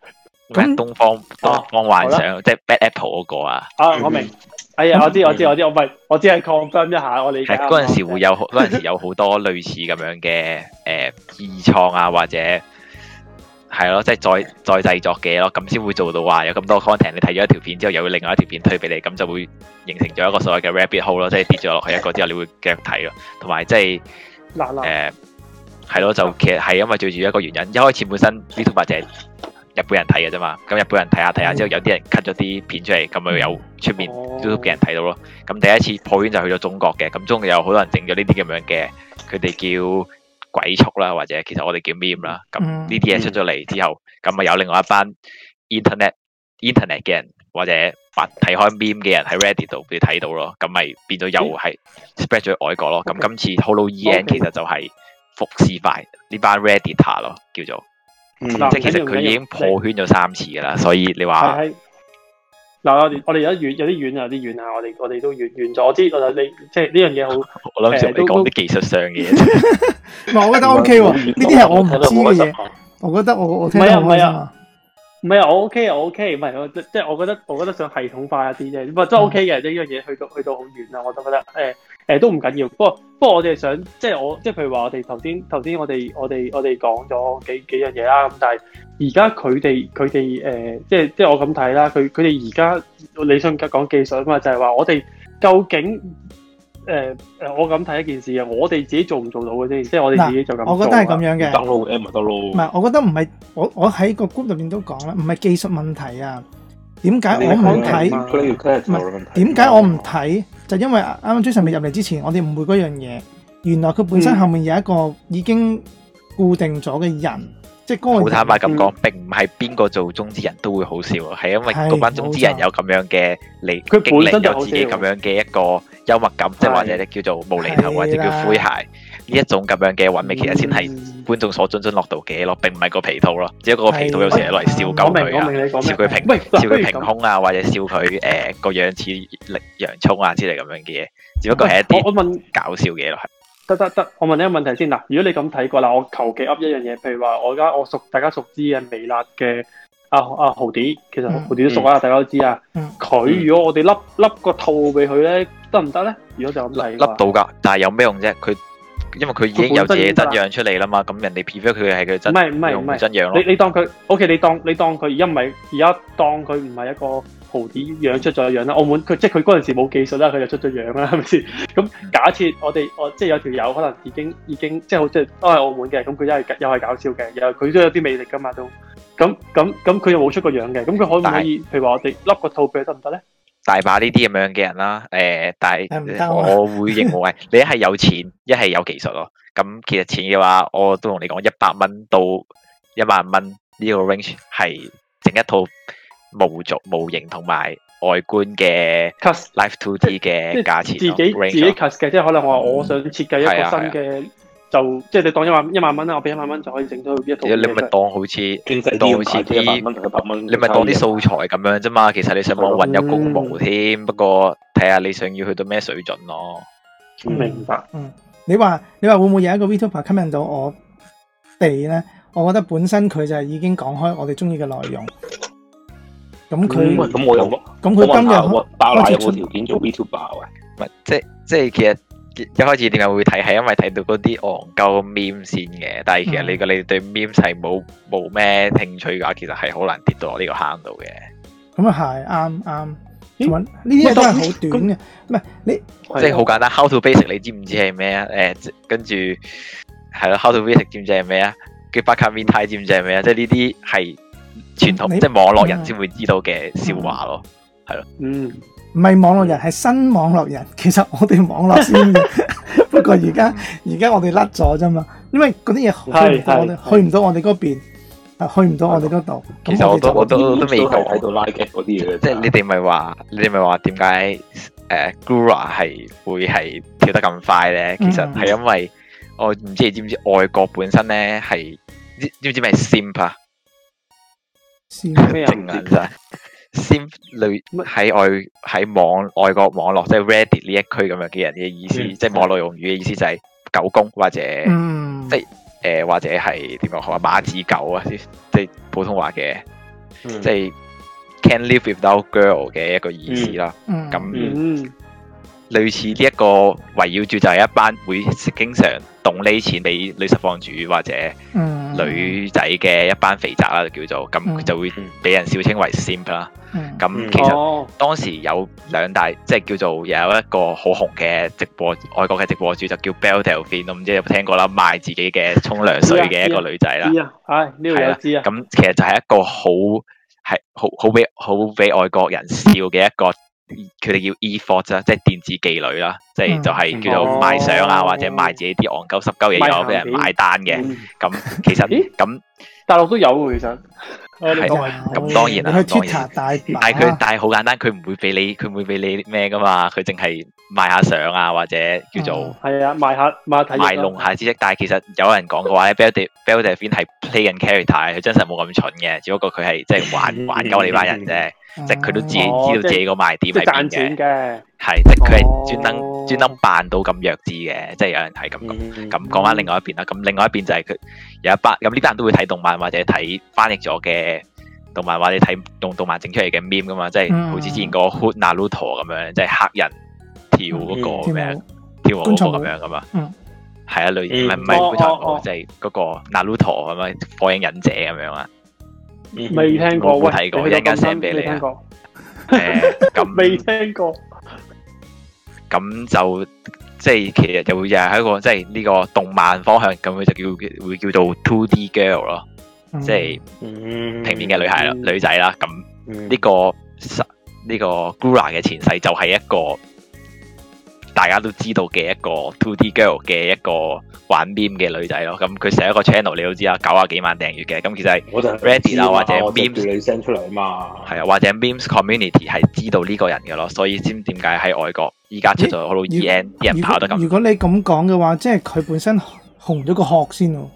S5: 那東方東方幻想，啊、即係 Bad Apple 嗰個啊！啊，我明，嗯、哎呀，我知我知我知，我
S1: 知，我咪我只係 confirm 一下我，我理解。係嗰陣時會
S5: 有嗰陣 時有好多類似咁樣嘅誒二創啊，或者係咯，即係再再製作嘅咯，咁先會做到話有咁多 content。你睇咗一條片之後，又會另外一條片推俾你，咁就會形成咗一個所謂嘅 rabbit hole 咯，即係跌咗落去一個之後，你會繼續睇咯，同埋即係誒係咯，就其實係因為最主要一個原因，一開始本身呢套嘅。日本人睇嘅啫嘛，咁日本人睇下睇下之後，有啲人 cut 咗啲片出嚟，咁咪、mm hmm. 有出面 YouTube 嘅人睇到咯。咁、oh. 第一次破圈就去咗中國嘅，咁中國有好多人整咗呢啲咁樣嘅，佢哋叫鬼畜啦，或者其實我哋叫 meme 啦。咁呢啲嘢出咗嚟之後，咁咪、mm hmm. 有另外一班 internet internet 嘅人或者發睇開 meme 嘅人喺 reddit 度俾你睇到咯，咁咪變咗又係 spread 咗外國咯。咁 Okay. 今次 Holo EN 其實就係服侍快呢班 Okay. redditor 咯，叫做。即、嗯、其實佢已經破圈咗三次噶啦，了了所以你話，
S1: 嗱我我哋有啲遠有啲遠啊有啲遠啊，我哋我哋都遠遠咗，我知道，我就你即係呢樣嘢好，我諗住你講啲
S5: 都技術上嘅
S3: 嘢，我覺得 O K 喎，呢啲係我唔知嘅嘢，我,啊、
S1: 我覺得我我唔係啊，唔係啊,啊,啊，我 O、OK、K 啊 O K，唔係即係我覺得我覺得想系統化一啲啫，唔係真係 O K 嘅呢樣嘢去到去到好遠啊，我都覺得誒。欸誒都唔緊要，不過不過我哋想即係我即係譬如話我哋頭先頭先我哋我哋我哋講咗幾幾樣嘢啦，咁但係而家佢哋佢哋即係即係我咁睇啦，佢佢哋而家你想講技術啊嘛，就係、係、話我哋究竟、呃、我咁睇一件事啊，我哋自己做唔做到嘅啫。即係
S3: 我哋自己就咁，我覺得係咁樣嘅，得
S1: 咯，唔係
S3: 我覺得唔係我我喺個 group 入面都講啦，唔係技術問題啊，點解我唔睇看？唔係點解我唔睇？就因為啱啱朱晨未入嚟之前，我哋唔會嗰樣嘢，原來佢本身後面有一個已經固定咗嘅人，即係嗰個。好坦
S5: 白咁講，並唔係邊個做中資人都會好笑，係因為嗰班中資人有咁樣嘅嚟經歷，佢本身有自己咁樣嘅一個幽默感，即係或者咧叫做無厘頭，或者叫詼諧。呢一種咁樣嘅韻味，其實先係觀眾所津津樂道嘅嘢咯，嗯、並唔係個皮套咯，只不過係個皮套有時嚟笑鳩佢啊，的笑佢平，嗯、笑佢平胸啊，或者笑佢誒、呃、個樣似力洋葱啊之類咁樣嘅嘢，啊、只不過係一啲搞笑嘅嘢咯。得得得，我問你一個問題先
S1: 嗱，如果你咁睇過嗱，我求其噏一樣嘢，譬如話我而家我熟，大家熟知嘅微辣嘅阿阿豪迪，啊啊啊、D，其實豪迪都熟啊，嗯、大家都知啊。佢、嗯、如果我哋笠笠個套俾佢咧，得唔得咧？如果就咁笠笠
S5: 到㗎，但係有咩用啫？佢因為佢已經有自己的真樣出嚟啦嘛，咁人哋 prefer 佢係佢真用真樣咯你。你你
S1: 當佢，OK，你當你當佢，而家唔係而家當佢唔係一個鋪子養出咗樣啦。澳門佢即係佢嗰陣時冇技術啦，佢就出咗樣啦，係咪先？咁假設我哋我即係有條友可能已經已經即係即係都係澳門嘅，咁佢真係又係搞笑嘅，又佢都有啲魅力噶嘛都。咁咁咁佢又冇出過樣嘅，咁佢可唔可以？是譬如話我哋笠個套俾佢得唔得咧？
S5: 大把呢啲咁樣嘅人啦，誒，但係我會認為我你一係有錢，一係有技術咯。咁其實錢嘅話，我都同你講，一百蚊到一萬蚊呢個 range 係整一套模組模型同埋外觀嘅 c o t life to w t 嘅價錢。自己 range，自己
S1: cost 嘅，即係可能我我想設計一個新嘅。嗯。就即係你當一萬一萬蚊啦，我俾一萬蚊就可以整到一
S5: 套。你咪當好似，好似一百蚊你咪當啲素材咁樣啫嘛。其實你上望混有規模添，嗯、不過睇下你想要去到咩水準咯。明白。嗯，
S3: 你話你話會唔會有一個 Vtuber 吸引到我哋咧？我覺得本身佢就係已經講開我哋中意嘅內容。咁佢
S4: 咁
S5: 我又，
S3: 咁
S4: 佢、嗯、今日爆嚟，有冇
S5: 條件做 Vtuber 啊？係，即係即係其實。一開始點解會睇，係因為睇到嗰啲憨鳩 meme 先嘅。但係其實你個你對 meme 係冇冇咩興趣嘅話，其實係好難跌到我呢個坑度嘅。
S3: 咁啊係，啱、嗯、啱。咦、嗯？呢、嗯、啲都係好短嘅。唔係、欸
S5: 欸欸嗯、你，即係好簡單。欸、How to basic，你知唔知係咩啊？誒、欸，跟住係咯。嗯、How to basic，知唔知係咩啊？叫巴卡面太，知唔知係咩啊？即係呢啲係傳統，嗯、即係網絡人先會知道嘅笑話咯。係咯。嗯。
S3: 唔係網絡人，係新網絡人。其實我哋網絡先嘅，不過而家而家我哋甩咗啫嘛。因為嗰啲嘢好去唔到我哋嗰邊，去唔到我哋嗰度。其實我都我都都未夠喺
S5: 度拉 j 嗰啲嘢。即係你哋咪話，你哋咪話點解誒 Gura 係會係跳得咁快咧？其實係因為我唔知你知唔知外國本身咧係知唔知咩 Simp 咩人嚟嘅？先類喺外喺網外國網絡即係 Reddit 呢一區咁樣嘅人嘅意思，嗯、即係網絡用語嘅意思就係狗公或者、嗯、即係誒、呃、或者係點講好啊，馬子狗啊，即係普通話嘅，嗯、即係 can't live without girl 嘅一個意思啦，咁。類似呢一個圍繞住就係一班會經常動呢啲錢俾女實況主或者女仔嘅一班肥宅啦，就叫做咁就會俾人笑稱為 Simp 啦。咁其實當時有兩大即係叫做有一個好紅嘅直播外國嘅直播主就叫 Belle Delphine，唔知有冇聽過啦？賣自己嘅沖涼水嘅一個女仔啦。
S1: 係，呢個我知啊。
S5: 咁 I know. 其實就係一個好係好好俾好俾外國人笑嘅一個。 佢哋叫 E-Fort 啫，即係電子妓女啦，即係就係叫做賣相啊，或者賣自己啲戇鳩濕鳩嘢，有俾人買單嘅。咁、嗯、其實咁，
S1: 大陸都有其實係。
S5: 咁是當然啦，大當
S3: 然。但係佢
S5: 但係好簡單，佢唔會俾你，佢唔會俾你咩噶嘛。佢淨係賣下相啊，或者叫做係啊，賣下賣弄下知識，但係其實有人講嘅話 Belle Delphine 係 play an character，佢真實冇咁蠢嘅，只不過佢係即係玩玩鳩呢班人啫。嗯即係佢都自己知道自己個賣點係邊嘅，係即係佢係專登專登扮到咁弱智嘅，即係有人睇咁咁。咁講翻另外一邊啦，咁另外一邊就係佢有一班咁呢班人都會睇動漫或者睇翻譯咗嘅動漫，或者睇用動漫整出嚟嘅 Meme 噶嘛，即係好似之前嗰個 Naruto 咁樣，即係黑人跳嗰個咩啊，跳嗰個咁樣噶嘛，係啊，類唔係唔係烏頭即係嗰個 Naruto 咁啊，火影忍者咁樣啊。未聽過，我冇睇過，我一陣間 send 俾你啊！未聽
S1: 過，咁未聽過，
S5: 咁就即係其實就會又係一個即係呢個動漫方向，咁佢就叫會叫做 two D girl，咯，即係平面嘅女孩啦，女仔啦，咁呢個呢個 Gura 嘅前世就係一個。大家都知道嘅一個 two D girl 嘅一個玩 meme 嘅女仔咯，咁佢成一個 channel 你都知啊，九啊幾萬訂閱嘅，咁其實係或者 meme，我叫你 send 出嚟啊嘛，係啊，或者 meme、啊啊、community 係知道呢個人嘅咯，所以先點解喺外國依家出咗好多 en 啲人跑得咁。如
S3: 果你咁講嘅話，即係佢本身紅咗個殼先咯。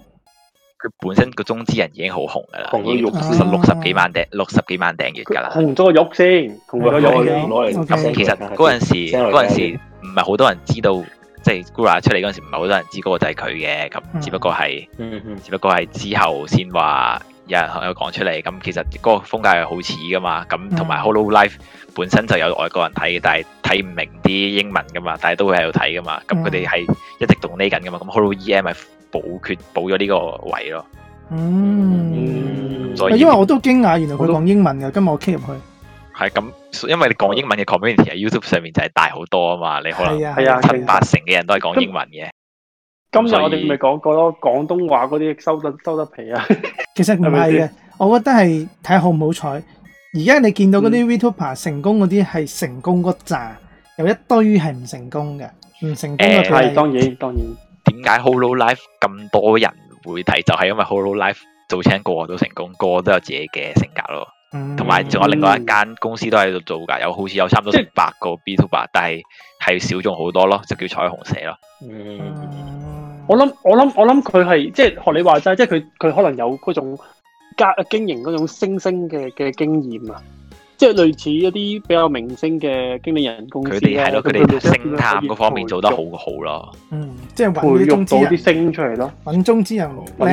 S5: 佢本身個中之人已經好紅噶啦，已經六十幾萬訂六十幾萬訂閱噶啦。
S3: 紅咗個玉先，紅咗個殼先。咁、okay、其實嗰陣
S5: 時嗰陣時。唔係好多人知道，即係 Gura 出嚟嗰陣時，唔係好多人知嗰個就係佢嘅。咁只不過係，mm hmm. 只不過係之後先話有人有講出嚟。咁其實嗰個風格係好似噶嘛。咁同埋《Hololive》本身就有外國人睇，嘅，但係睇唔明啲英文噶嘛，但係都會喺度睇噶嘛。咁佢哋係一直度呢緊噶嘛。咁《Hololive EN》係補缺補咗呢個位咯。嗯、mm，hmm. 所以因為我
S3: 都驚訝，原來佢講英文嘅，今日我黐入去。
S5: 係咁，因為你講英文嘅 community 喺 YouTube 上面就係大好多啊嘛，你可能係啊，係啊，七八成嘅人都係講英文嘅。啊啊啊、今日我哋咪講過
S1: 咯，廣東話嗰啲收得收得皮啊。
S3: 其實唔係嘅， 我覺得係睇好唔好彩。而家你見到嗰啲 VTuber 成功嗰啲係成功個咋，嗯、有一堆係唔成功嘅，唔成功嘅佢係當然當然。
S5: 點解《Hololive》咁多人會睇？就係、是、因為《Hololive》做親個個都成功，個個都有自己嘅性格咯。同埋仲有另外一間公司都喺度做㗎，有好似有差唔多成百個 B to B，er, 即但係係少眾好多咯，就叫彩虹社咯。嗯，
S1: 我諗我諗我諗佢係即係學你話齋，即係佢佢可能有嗰種家經營嗰種星星嘅嘅經驗啊，即係類似一啲比較明星嘅經理人公司咧、啊。佢哋係咯，佢哋星
S5: 探嗰方面做得好好咯。
S1: 嗯，即係培育到啲星出嚟咯，
S3: 穩中之人好找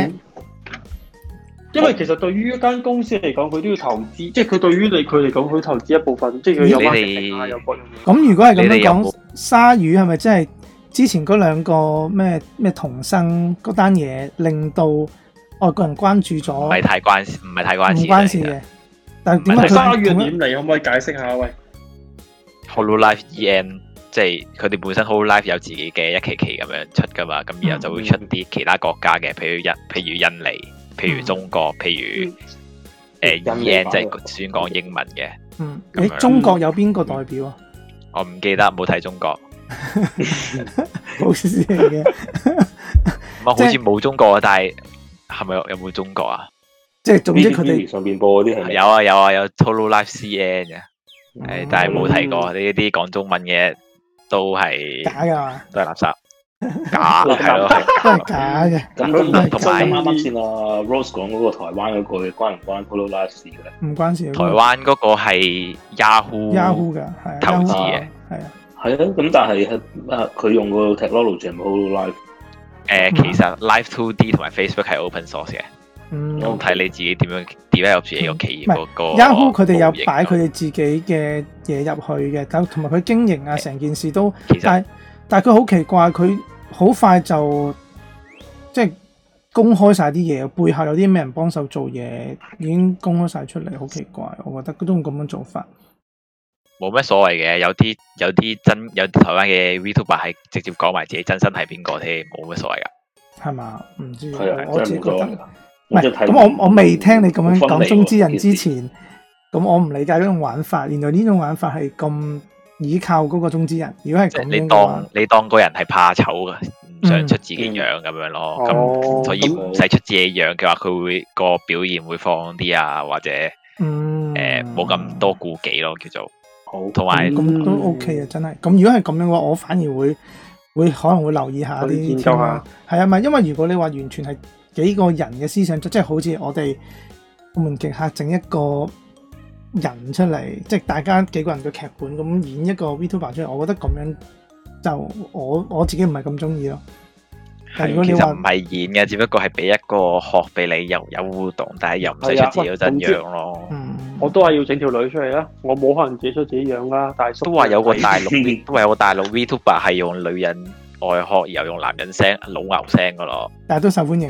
S1: 因為其實對於一間公司嚟講，佢都要投資，即係佢對於你佢嚟講，佢投資一部分，即係佢有關係。
S3: 咁咦如果係咁樣講，鯊魚係咪真係之前嗰兩個咩咩同生嗰單嘢，令到外國人關注咗？唔係太
S5: 關，唔係太關事，唔關事嘅。對
S3: 了但係唔係鯊魚的點
S5: 嚟？可唔麼可以解釋下？喂，Hololive EN 即係佢哋本身 Hololive 有自己嘅一期期咁樣出噶嘛？咁、mm hmm. 然後就會出啲其他國家嘅，譬如印譬如印尼。譬如中國，譬如誒 EN，即係專講英文嘅。
S3: 嗯，誒中國有邊個代表
S5: 啊？我唔記得，冇睇中國，
S3: 冇事嘅。
S5: 唔啊，好似冇中國啊，但係係咪有有冇中國啊？即係總之佢哋上邊播嗰啲係有啊有啊有 Total Life CN 嘅，誒但係冇睇過呢啲講中文嘅都係假㗎，都係垃圾。假
S3: 係咯，都係假嘅。
S4: 咁同埋啱啱先啊。Rose 講嗰個台灣嗰個關唔關 Polo Live 事嘅？
S3: 唔關事。台
S4: 灣嗰個係 Yahoo Yahoo 嘅投資嘅，係啊，係啊。咁但係啊，佢用個 Technology Polo Live
S5: 誒，其實 Live Two D 同埋 Facebook 係 Open Source 嘅。嗯，睇你自己點樣 develop 住你個企業嗰個 Yahoo，佢哋有
S3: 擺佢哋自己嘅嘢入去嘅，同同埋佢經營啊，成件事都，其實。但係佢好奇怪，佢好快就即係公開晒啲嘢，背後有啲咩人幫手做嘢，已經公開晒出嚟，好奇怪。我覺得嗰種咁樣做法
S5: 冇咩所謂嘅，有啲有啲真有台灣嘅 VTuber 係直接講埋自己真身係邊個添，冇乜所謂噶。
S3: 係嘛？唔知的我，我自己
S5: 覺得唔係咁。我我未聽你咁樣講中之
S3: 人之前，咁我唔理解呢種玩法。原來呢種玩法係咁。依靠嗰個中之人，如果係咁，你當
S5: 你當個人係怕醜嘅，唔、嗯、想出自己樣咁樣咯，咁所以唔使出自己樣嘅話，佢會、個表現會放啲啊，或者嗯誒冇咁多顧忌咯，叫做好同埋咁都 OK 嘅、
S3: 啊，真係。咁如果係咁樣嘅話，我反而會會可能會留意下啲嘅，係啊咪，因為如果你話完全係幾個人嘅思想，即係好似我哋我們極客整一個人出嚟，即係大家幾個人嘅劇本咁演一個 Vtuber 出嚟，我覺得咁樣就我我自己唔係咁中意咯。係其實唔
S5: 係演嘅，只不過係俾一個殼俾你，又有互動，但係又唔使出自己真樣咯。嗯，
S1: 我都話要整條女出嚟啦，我冇可能自己出自己樣啦。大叔，就是，都話有個大陸都
S5: 話有個大陸 Vtuber 係用女人外殼，又用男人聲老牛聲噶咯。
S3: 但係都受歡迎，
S5: 誒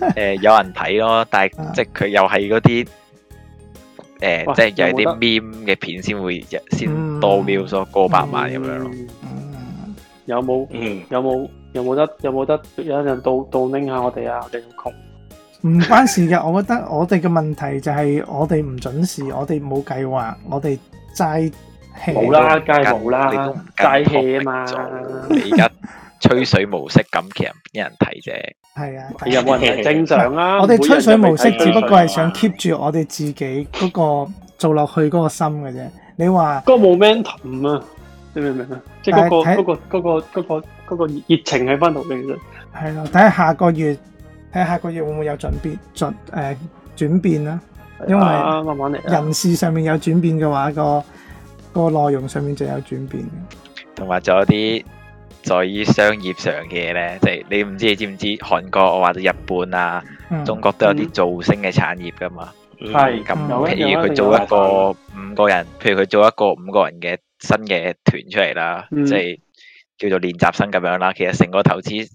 S5: 正、 呃、有人睇咯，但係即係佢又係嗰啲。誒，即係有啲 MIM 嘅片先會，先多秒數過百萬咁樣
S1: 咯。有冇？有冇？有冇得？有冇得？有人到到拎下我哋啊！我哋要窮。
S3: 唔關事㗎，我覺得我哋嘅問題就係我哋唔準時，我哋冇計劃，我哋齋氣。冇啦，
S5: 梗係冇啦，齋氣啊嘛。你而家。吹水模式咁，其實有人睇啫。係啊，有冇人正常啊？我哋吹水模式只不過係
S3: 想 keep 住我哋自己嗰個做落去嗰個心嘅啫。你話嗰個 momentum
S1: 啊，你明唔明啊？即係嗰個嗰個嗰個嗰個嗰個熱熱情喺翻度
S3: 嘅。係咯，睇下下個月，睇下下個月會唔會有轉變轉誒轉變啦？因為人事上面有轉變嘅話，個個內容上面就有轉變。
S5: 同埋仲有啲。在於商業上嘅嘢咧，即、就、係、是、你唔知你知唔知韓國或者日本啊，嗯、中國都有啲造星嘅產業㗎嘛。係，咁譬如佢做一個五個人，譬如佢做一個五個人嘅新嘅團出嚟啦，即係、嗯、叫做練習生咁樣啦。其實成個投資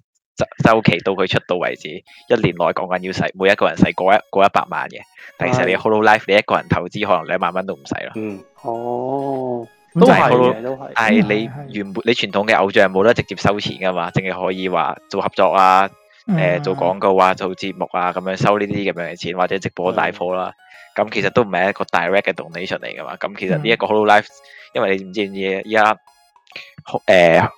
S5: 周期到佢出道為止，一年內講緊要使每一個人使過一過一百萬嘅。但其實你 Hololive，你一個人投資可能兩萬蚊都唔使咯。嗯，
S2: 哦。都係，係。
S5: 你原本你傳統嘅偶像冇得直接收錢噶嘛，淨係可以話做合作啊，
S3: 誒、嗯呃、做廣
S5: 告啊，做節目啊咁樣收呢啲咁樣嘅錢，或者直播帶貨啦。咁、嗯、其實都唔係一個 direct 嘅 donation 嚟噶嘛。咁其實呢一個 Hololive，因為你唔知唔知在，依家誒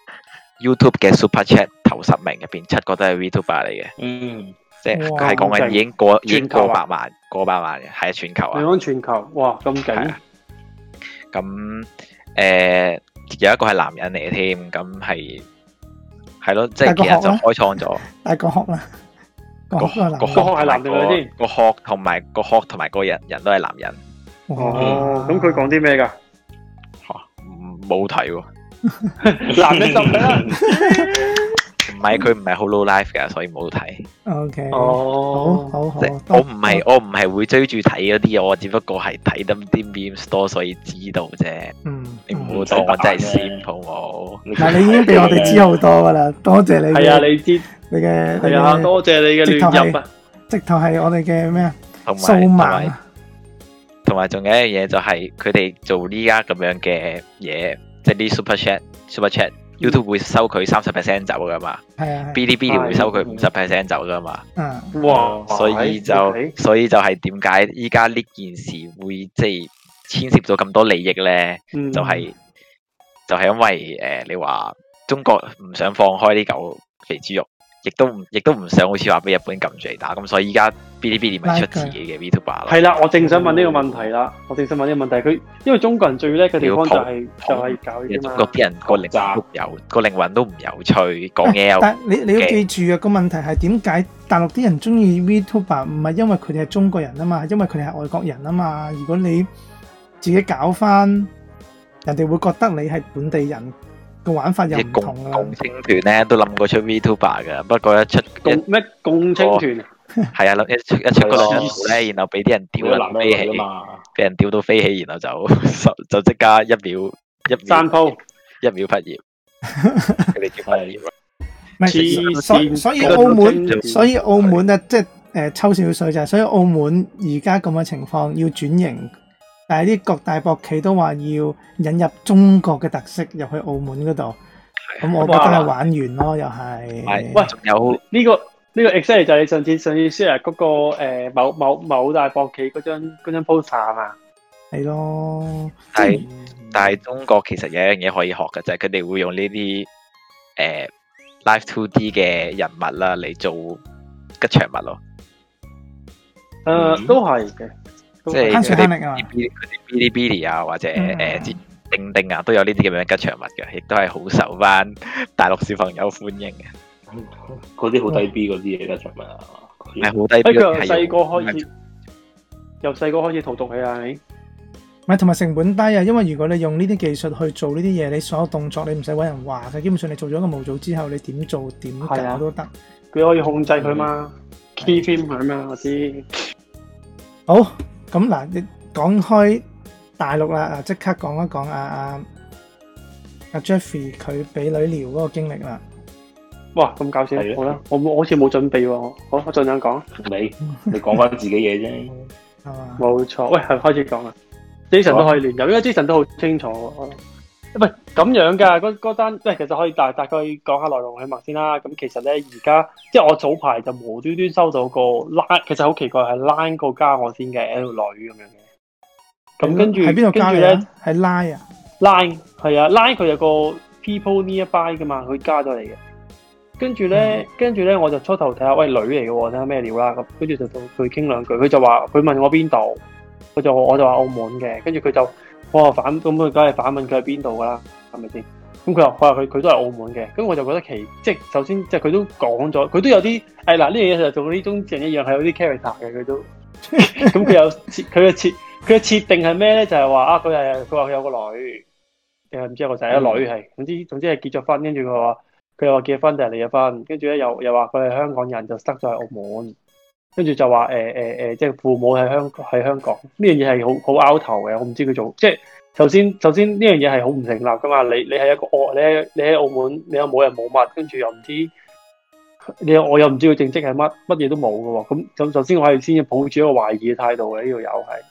S5: YouTube 嘅 Super Chat 頭十名入邊，七個都係 VTuber 嚟嘅。嗯，
S2: 即
S5: 係係講緊已經過、啊、過百萬，過百萬嘅係全球啊。
S1: 全球，哇咁勁。
S5: 咁誒，有一個係男人嚟添，咁係係咯，即係其實就開創咗。
S3: 大個殼啦，個殼係男定女添？
S5: 個殼同埋個殼同埋個人人都係男人。
S1: 哦，咁佢講啲咩噶？吓，
S5: 冇睇喎。男的就俾人。唔係，佢唔係好 low life 噶，所以冇睇。OK，
S3: 哦，好好好，我唔係
S5: 我唔係會追住睇嗰啲嘢，我只不過係睇得啲 i m e n s 多，所以知道啫。嗯，你唔好當我真係 s i 好唔好？但係你已經俾我哋知好多噶啦，多謝你。係啊，你知你嘅係啊，多謝你嘅亂入啊，
S3: 直頭係我哋嘅咩啊，埋，同埋。
S5: 同埋仲有一樣嘢就係佢哋做呢家咁樣嘅嘢，即係啲 super chat，super chat。YouTube 會收佢三十 percent 走噶嘛，係
S2: 啊，Bilibili 會
S5: 收佢五十 percent 走噶嘛，嗯，哇，所以就所以就係點解依家呢件事會即係牽涉咗咁多利益咧，嗯就是？就係就係因為誒、呃、你話中國唔想放開呢嚿肥豬肉。亦都唔，亦都唔想好似話俾日本撳住嚟打，咁所以依家嗶哩嗶哩咪出自己嘅 Vtuber 啦。係啦的、嗯，我正想問呢
S1: 個問題啦，我正想問呢個問題，佢因為中國人最叻嘅地方就係、是、就係搞嘢。中國
S5: 啲人個靈魂都有、啊、個靈魂都唔有趣，講嘢又、啊、但
S3: 你你要記住啊、個問題係點解大陸啲人中意 Vtuber 唔係因為佢哋係中國人啊嘛，因為佢哋係外國人啊嘛。如果你自己搞翻，人哋會覺得你係本地人。個玩法又唔同、啊、共，共青
S5: 團咧都諗過出 VTuber 噶，不過一出咩共，共青團係啊，諗一出 一出， 一出個熱咧，然後俾啲人吊得飛起，俾 人吊到飛起，然後就就即刻一秒一秒三鋪鋪一秒畢業。唔係，所以所以澳門，所以
S3: 澳門即係誒抽少水就所以澳門而家咁嘅情況要轉型。但係啲各大博企都話要引入中國嘅特色入去澳門嗰度，咁我覺得係玩完咯，又係。係。喂，
S1: 仲有呢個呢個 exactly 就係你上次上次 share 嗰個誒某某某大博企嗰張嗰張 poster
S3: 啊嘛？係咯。係，
S5: 但係中國其實有一樣嘢可以學嘅就係佢哋會用呢啲誒 live 2D 嘅人物啦嚟做吉祥物咯。
S1: 誒，都係嘅。
S5: 即係嗰啲嗶哩嗶哩啊，或者誒，釘釘啊，都有呢啲咁樣吉祥物嘅，亦都係好受返大陸小朋友歡迎嘅。嗰啲好低 B 嗰啲嘢嘅，做乜啊？係好低 B。一從細個
S1: 開始，由細個開始荼毒
S3: 佢啊！你唔係同埋成本低啊！因為如果你用呢啲技術去做呢啲嘢，你所有動作你唔使搵人畫嘅，基本上你做咗一個模組之後，你點做點搞都得。
S1: 佢可以控制佢嘛？Keyframe 啊嘛，我知。
S3: 好。咁嗱，你講開大陸啦，啊即刻講一講阿阿阿 Jeffrey 佢俾女撩嗰個經歷啦。
S1: 哇，咁搞笑！好啦，我我好似冇準備喎，好，我盡量講。你你講返自己嘢啫，冇錯。喂，係開始講啦，Jason 都可以連入，因為 Jason 都好清楚。唔係咁樣噶，嗰嗰單，唔係其實可以大大概講下內容起碼先啦。咁其實咧而家，即係我早排就無端端收到個 line，其實好奇怪係 line 個加我先嘅女咁樣嘅。
S3: 咁跟住，喺邊度加
S1: 嘅？喺 line 啊，line 係啊，line 佢有個 people nearby 噶嘛，佢加咗嚟嘅。跟住咧，跟住咧，我就初頭睇下，喂，女嚟嘅，睇下咩料啦。咁跟住就同佢傾兩句，佢就話佢問我邊度，佢就我就話澳門嘅，跟住佢就。我、哦、反咁佢梗係反問佢喺邊度噶啦，係咪先？咁佢話：佢話佢佢都係澳門嘅。咁我就覺得奇，即係首先即係佢都講咗，佢都有啲係啦。呢樣嘢就同呢種人一樣係有啲 character 嘅佢都。咁佢 有設佢嘅設佢嘅設定係咩咧？就係、是、話啊，佢係佢話佢有個女誒唔知有個仔啊女係、嗯、總之總之係結咗婚，跟住佢話佢又話結咗婚定係離咗婚，跟住咧又又話佢係香港人就塞咗喺澳門。跟住就話誒誒誒，即係父母喺香喺香港呢樣嘢係好好拗頭嘅，我唔知佢做即係首先首先呢樣嘢係好唔成立噶嘛，你你係一個惡咧，你喺澳門你又冇人冇物，跟住又唔知你我又唔知佢正職係乜乜嘢都冇噶喎，咁咁首先我係先抱住一個懷疑嘅態度嘅呢度，又係，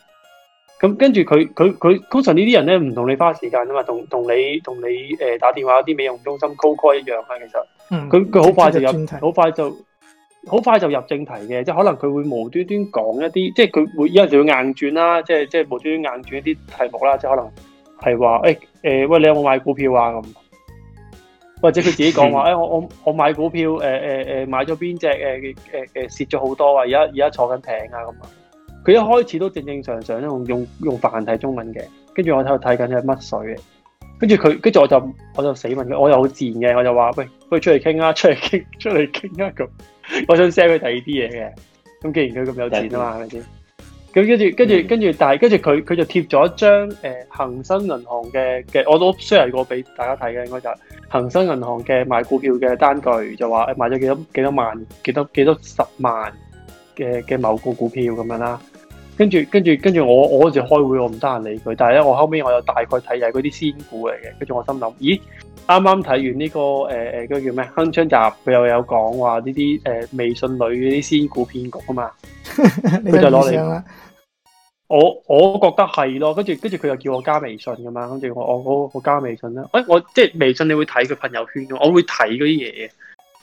S1: 咁跟住佢佢佢通常呢啲人咧唔同你花時間啊嘛，同同你同你誒打電話啲美容中心 cold call 一樣啊，其實，嗯，佢佢好快就有好快就。好快就入正題嘅，即係可能佢會無端端講一啲，即係佢會有陣時會硬轉啦，即係即係無端端硬轉一啲題目啦。即係可能係話誒誒，喂，你有冇買股票啊？咁或者佢自己講話誒，我我我買股票，誒誒誒，買咗邊隻誒誒誒蝕咗好多啊！而家而家坐緊艇啊！咁佢一開始都正正常常用用用繁體中文嘅，跟住我喺度睇緊係乜水嘅，跟住佢跟住我就我就死問佢，我又好賤嘅，我就話喂，可以出嚟傾啊，出嚟傾，出嚟傾啊咁。 我想 sell 佢第二啲嘢嘅，咁既然佢咁有錢啊嘛，係咪先？咁跟住，跟住，跟住，但係跟住佢，佢就貼咗張誒恒生銀行嘅嘅，我都 share 過俾大家睇嘅，應該就係恒生銀行嘅賣股票嘅單據，就話賣咗幾多幾多萬，幾多幾多十萬嘅嘅某個股票咁樣啦。跟住，跟住，跟住我我嗰時開會，我唔得閒理佢，但係咧我後尾我又大概睇就係嗰啲仙股嚟嘅，跟住我心諗咦。啱啱睇完呢，這個誒誒個叫咩？《鏗鏘集》佢又有講話呢啲誒微信女嗰啲仙股騙局啊嘛，佢 就攞嚟啦。我我覺得係咯，跟住跟住佢又叫我加微信噶嘛，跟住我我我加微信啦。誒、欸，我即係微信你會睇佢朋友圈，我會睇嗰啲嘢，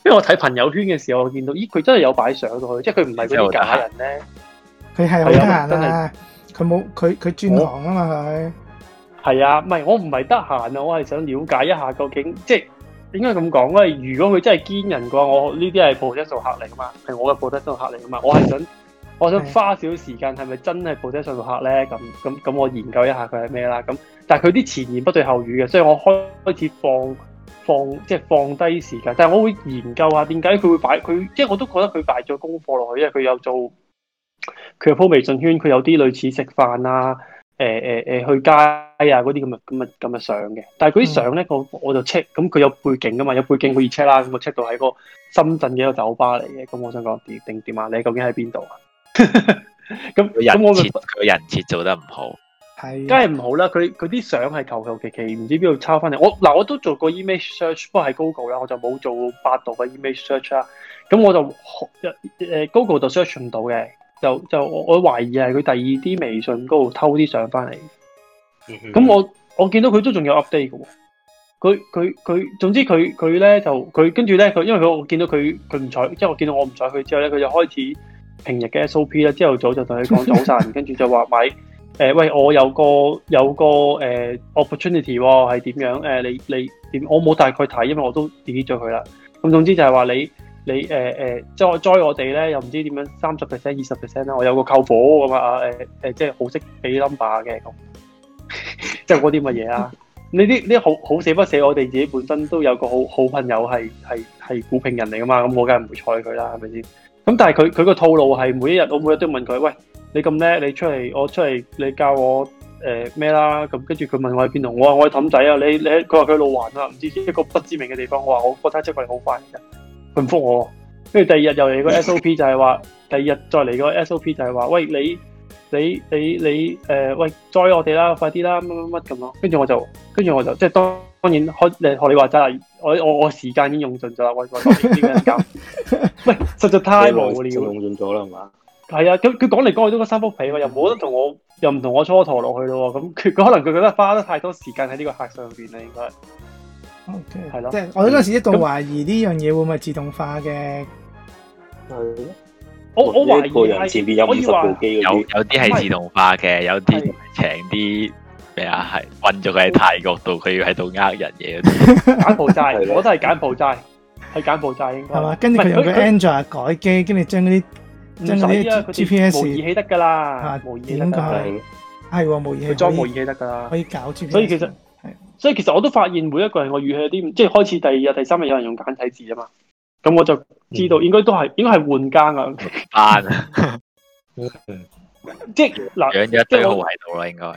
S1: 因為我睇朋友圈嘅時候，我見到咦，佢真係有擺相到去，即係佢唔係嗰啲假人
S3: 咧，佢係好真啦，佢冇佢佢轉行啊嘛係。
S1: 係啊，唔係我唔係得閒啊，我係想了解一下究竟，即係點解咁講咧？如果佢真係堅人嘅話，我呢啲係報仔做客嚟噶嘛？係我嘅報仔做客嚟噶嘛？我係想，我想花少少時間，係咪真係報仔做客咧？咁咁咁，我研究一下佢係咩啦？咁但係佢啲前言不着後語嘅，所以我開始放放，即係放低時間。但係我會研究下點解佢會擺佢，即係我都覺得佢擺咗功課落去因啊！佢有做，佢又 p 微信圈，佢有啲類似食飯啊。誒誒誒去街啊！嗰啲咁嘅咁啊咁啊上嘅，但係嗰啲相咧，嗯、我我就 check，咁佢有背景噶嘛，有背景可以 check 啦，咁、嗯、我 check 到喺個深圳嘅一個酒吧嚟嘅，咁我想講點點點啊？你究竟喺邊度啊？咁咁切我
S5: 佢人設做得唔好，
S1: 係的，梗係唔好啦。佢佢啲相係求求其其，唔知邊度抄翻嚟。我嗱我都做過 image search，不過係 Google 啦，我就冇做百度嘅 image search 啦。咁我就誒、嗯、Google 就 search 唔到嘅。就就我我懷疑係佢第二啲微信嗰度偷啲相翻嚟，
S2: 咁我
S1: 我見到佢都仲有 update 㗎喎，佢佢佢總之佢佢咧就佢跟住咧佢因為佢我見到佢佢唔睬，即係我見到我唔睬佢之後咧，佢就開始平日嘅 SOP 啦，朝頭早就同你講早晨，跟住就話喂，誒喂，我有個有個誒、uh, opportunity 喎係點樣、uh, 你你點我冇帶佢睇，因為我都 delete 咗佢啦，咁總之就係話你。你誒誒，即、呃、我栽我哋咧，又唔知點樣三十 percent、二十 percent 啦。我有個舅父咁啊，誒誒， 即係好識俾 number 嘅咁，即係嗰啲乜嘢啊？呢啲呢好好死不死，我哋自己本身都有個好好朋友係係係股評人嚟噶嘛，咁我梗係唔會睬佢啦，係咪先？咁但係佢佢個套路係每一日我每日都問佢，喂，你咁叻，你出嚟我出嚟，你教我誒咩、呃、啦？咁跟住佢問我喺邊度，我話我喺氹仔啊。你你佢話佢喺路環啊，唔知一個不知名嘅地方。我話我覺得出嚟好快嘅。佢覆我，跟住第二日又嚟個 SOP，就係話 第二日再嚟個 SOP，就係話，喂你你你你誒、呃，喂催我哋啦，快啲啦，乜乜乜咁咯。跟住我就跟住我就即係當當然開學你話齋，我我我時間已經用盡咗啦，喂 喂，呢個人搞，喂實在太無聊，用盡咗啦係嘛？係啊，咁佢講嚟講去都嗰三幅皮，又冇得同我， 又唔同我蹉跎落去咯。咁佢佢可能佢覺得花得太多時間喺呢個客上邊啦，應該。
S3: 係咯，即係我嗰陣時一度懷疑呢樣嘢會唔會自動化嘅？係，
S5: 我我懷疑個人前邊有有啲係自動化嘅，有啲請啲咩啊？係運咗喺泰國度，佢要喺度呃人嘢嗰
S3: 啲。柬
S1: 埔寨我都係柬埔寨，係柬埔寨應該。係嘛？跟住佢用
S3: Android 改機，跟住將嗰啲將嗰啲 GPS 模擬
S1: 器得噶啦，模擬器應該係，
S3: 係模擬器裝模擬器
S1: 得噶啦，可
S3: 以搞住。所以其實。
S1: 所以其實我都發現每一個人我語氣一些，我預期啲即係開始第二日、第三日有人用簡體字啊嘛，
S3: 咁我就
S1: 知道應該都係、嗯、應該係換更啊我，即係嗱養咗一堆號喺
S5: 度啦，應該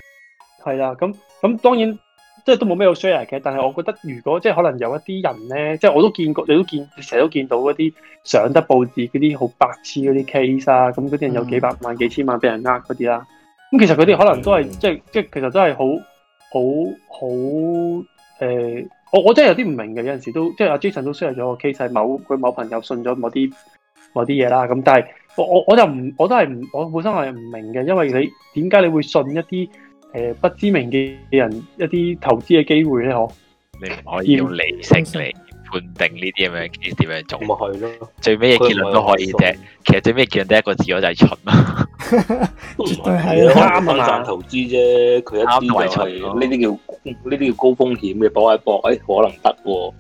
S1: 係啦。咁咁當然即係都冇咩好 share 嘅，但係我覺得如果即係可能有一啲人咧，即係我都見過，你都見成日都見到嗰啲上得報紙嗰啲好白痴嗰啲 case 啊，咁嗰啲人有幾百萬、嗯、幾千萬俾人呃嗰啲啦。咁其實佢哋可能都係、嗯嗯、即係即係其實都係好。好好誒，我我真係有啲唔明嘅，有陣時都即係阿 Jason 都 share 咗個 case，某佢某朋友信咗某啲某啲嘢啦，咁但係我我我就唔，我都係唔，我本身我係唔明嘅，因為你點解你會信一啲誒、呃、不知名嘅人一啲投資嘅機會咧？嗬，
S5: 你唔可以要理性嚟。判定呢啲咁嘅樣，點樣做？咁啊，係咯。最尾嘅結論都可以啫。其實最尾結論得一個字，我就係蠢咯。
S2: 唔係，啊！咯。分
S4: 散投資啫，佢一啲就係呢啲叫呢啲叫高風險嘅搏一搏，誒，可能得喎，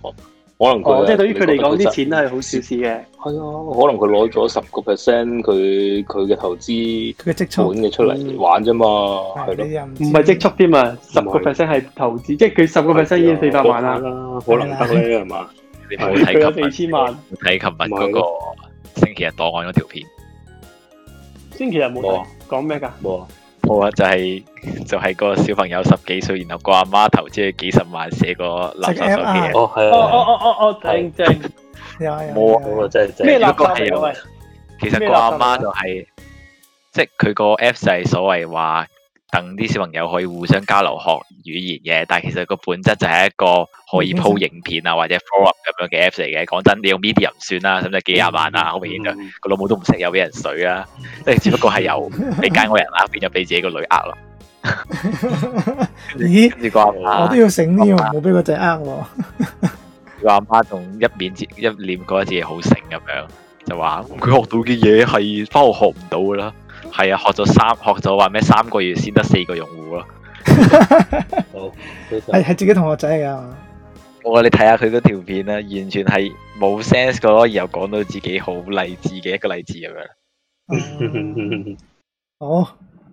S4: 可能佢即係對於佢嚟講，啲錢係好小事嘅。係啊，可能佢攞咗十個 percent，佢佢嘅投資嘅積儲嘅出嚟玩啫嘛，
S1: 係咯，唔係積蓄添嘛。十個 percent 係投資，即係佢十個 percent 已經四百萬啦，可能得咧係嘛。
S5: 你冇睇 四千萬。睇琴日嗰個星期日檔案嗰條片，
S1: 星期日冇睇，講咩噶？冇
S5: 啊，冇啊了、就係，就係就係個小朋友十幾歲，然後個阿媽投資佢幾十萬寫，寫個垃圾手機嘅。哦，係，哦哦哦哦哦，正正冇啊，真真。咩垃圾？ 其實個阿媽就係、係，即係佢個 app 就係所謂話，等啲小朋友可以互相交流學語言嘅，但係其實個本質就係一個。可以鋪影片啊，或者 forum 咁樣嘅 apps 嚟嘅。講真，你用 media 又唔算啦，使唔使幾廿萬啦，好明顯嘅。個老母都唔識，又俾人水啊，即係只不過係有俾奸我人啦，變咗俾自己個女呃咯。咦？我都要
S3: 醒啲喎，冇俾個仔呃喎。
S5: 佢阿媽仲一面一面覺得自己好醒咁樣，就話佢學到嘅嘢係返學學唔到噶啦。係啊，學咗三學咗話咩三個月先得四個用戶咯。好，係
S3: 係自己同學仔嚟噶。
S5: 我、哦、你睇下佢嗰條片啦，完全係冇 sense 嘅咯，然後講到自己好勵志嘅一個例子咁樣。嗯、 哦，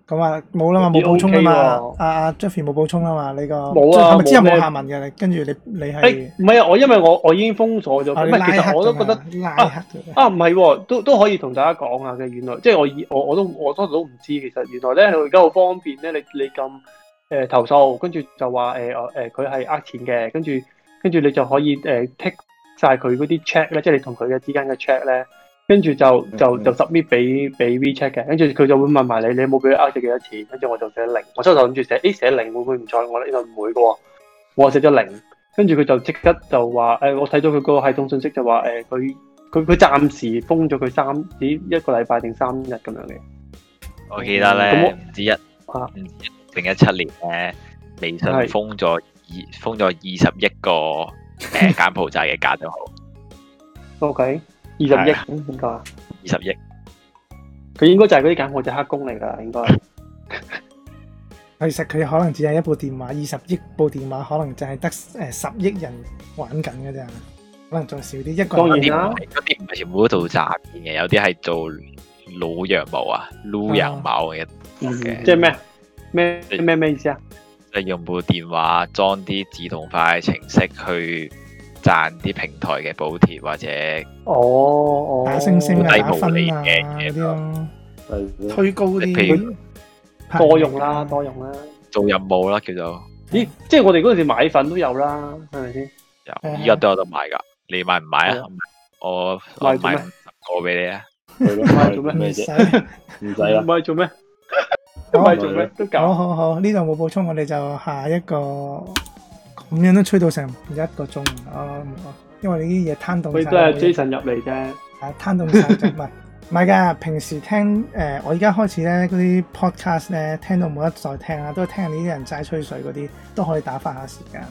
S5: 咁
S3: 啊冇啦嘛，冇補、OK 啊啊啊、充噶嘛。阿 Jeffrey 冇補充啦嘛，呢個冇啊。之後冇下文嘅，跟住你你係
S1: 誒唔係啊？我因為我我已經封鎖咗，唔、啊、其實我都覺得啊啊唔係、啊啊，都都可以同大家講啊嘅。原來即係我我我都我都唔知，其實原來咧，佢而家好方便咧，你你誒、呃、投訴，跟住就話誒誒佢係呃，呃，呃錢嘅，跟住。跟住你就可以誒 take 晒佢嗰啲 check 咧，呃、check，即係你同佢嘅之間嘅 check 咧，跟住就就就 submit 俾俾 WeChat 嘅，跟住佢就會問埋你，你有冇俾佢呃咗幾多錢？跟住我就寫零、欸，我初頭諗住寫誒寫零會唔會唔錯？我咧應該唔會嘅，我寫咗零，跟住佢就即刻就話誒，我睇到佢個系統信息就話誒，佢佢佢暫時封咗佢三至一個禮拜定三日咁樣嘅。
S5: 我記得咧，唔知一啊，唔知零一七年咧，微信封咗。封咗二十億個誒柬埔寨嘅假賬號。O
S1: K，二十億點解？二十億，佢應該就係嗰啲柬埔寨黑工嚟噶啦，應該。
S3: 其實佢可能只係一部電話，二十億部電話可能就係得誒十億人玩緊嘅啫，可能仲少啲。當然啦，
S5: 有啲唔係全部都做詐騙嘅，有啲係做擼羊毛啊，擼羊毛嘅。即係咩咩咩咩意思啊？即係用部電話裝啲自動化嘅程式去賺啲平台嘅補貼或者
S1: 哦哦，低息升升嘅奶粉嘅。啲
S5: 推高啲，
S1: 多用啦，多用啦，
S5: 做任務啦叫做，
S1: 咦，即係我哋嗰陣時買粉都有啦，係咪先？
S5: 有，依家都有得買噶，你買唔買啊？我我買十個俾你啊！
S3: 買做咩？
S1: 唔使啦，買做咩？
S3: 咁咪、哦、做咩都搞、哦？好好呢度冇補充，我哋就下一個咁樣都吹到成一個鐘啊、哦！因為呢啲嘢攤凍晒，都係 Jason 入嚟啫。啊，攤凍晒，唔係， 唔係噶。平時聽誒、呃，我而家開始咧嗰啲 podcast 咧，聽到冇得再聽啦，都係聽呢啲人齋吹水嗰啲，都可以打發下時間。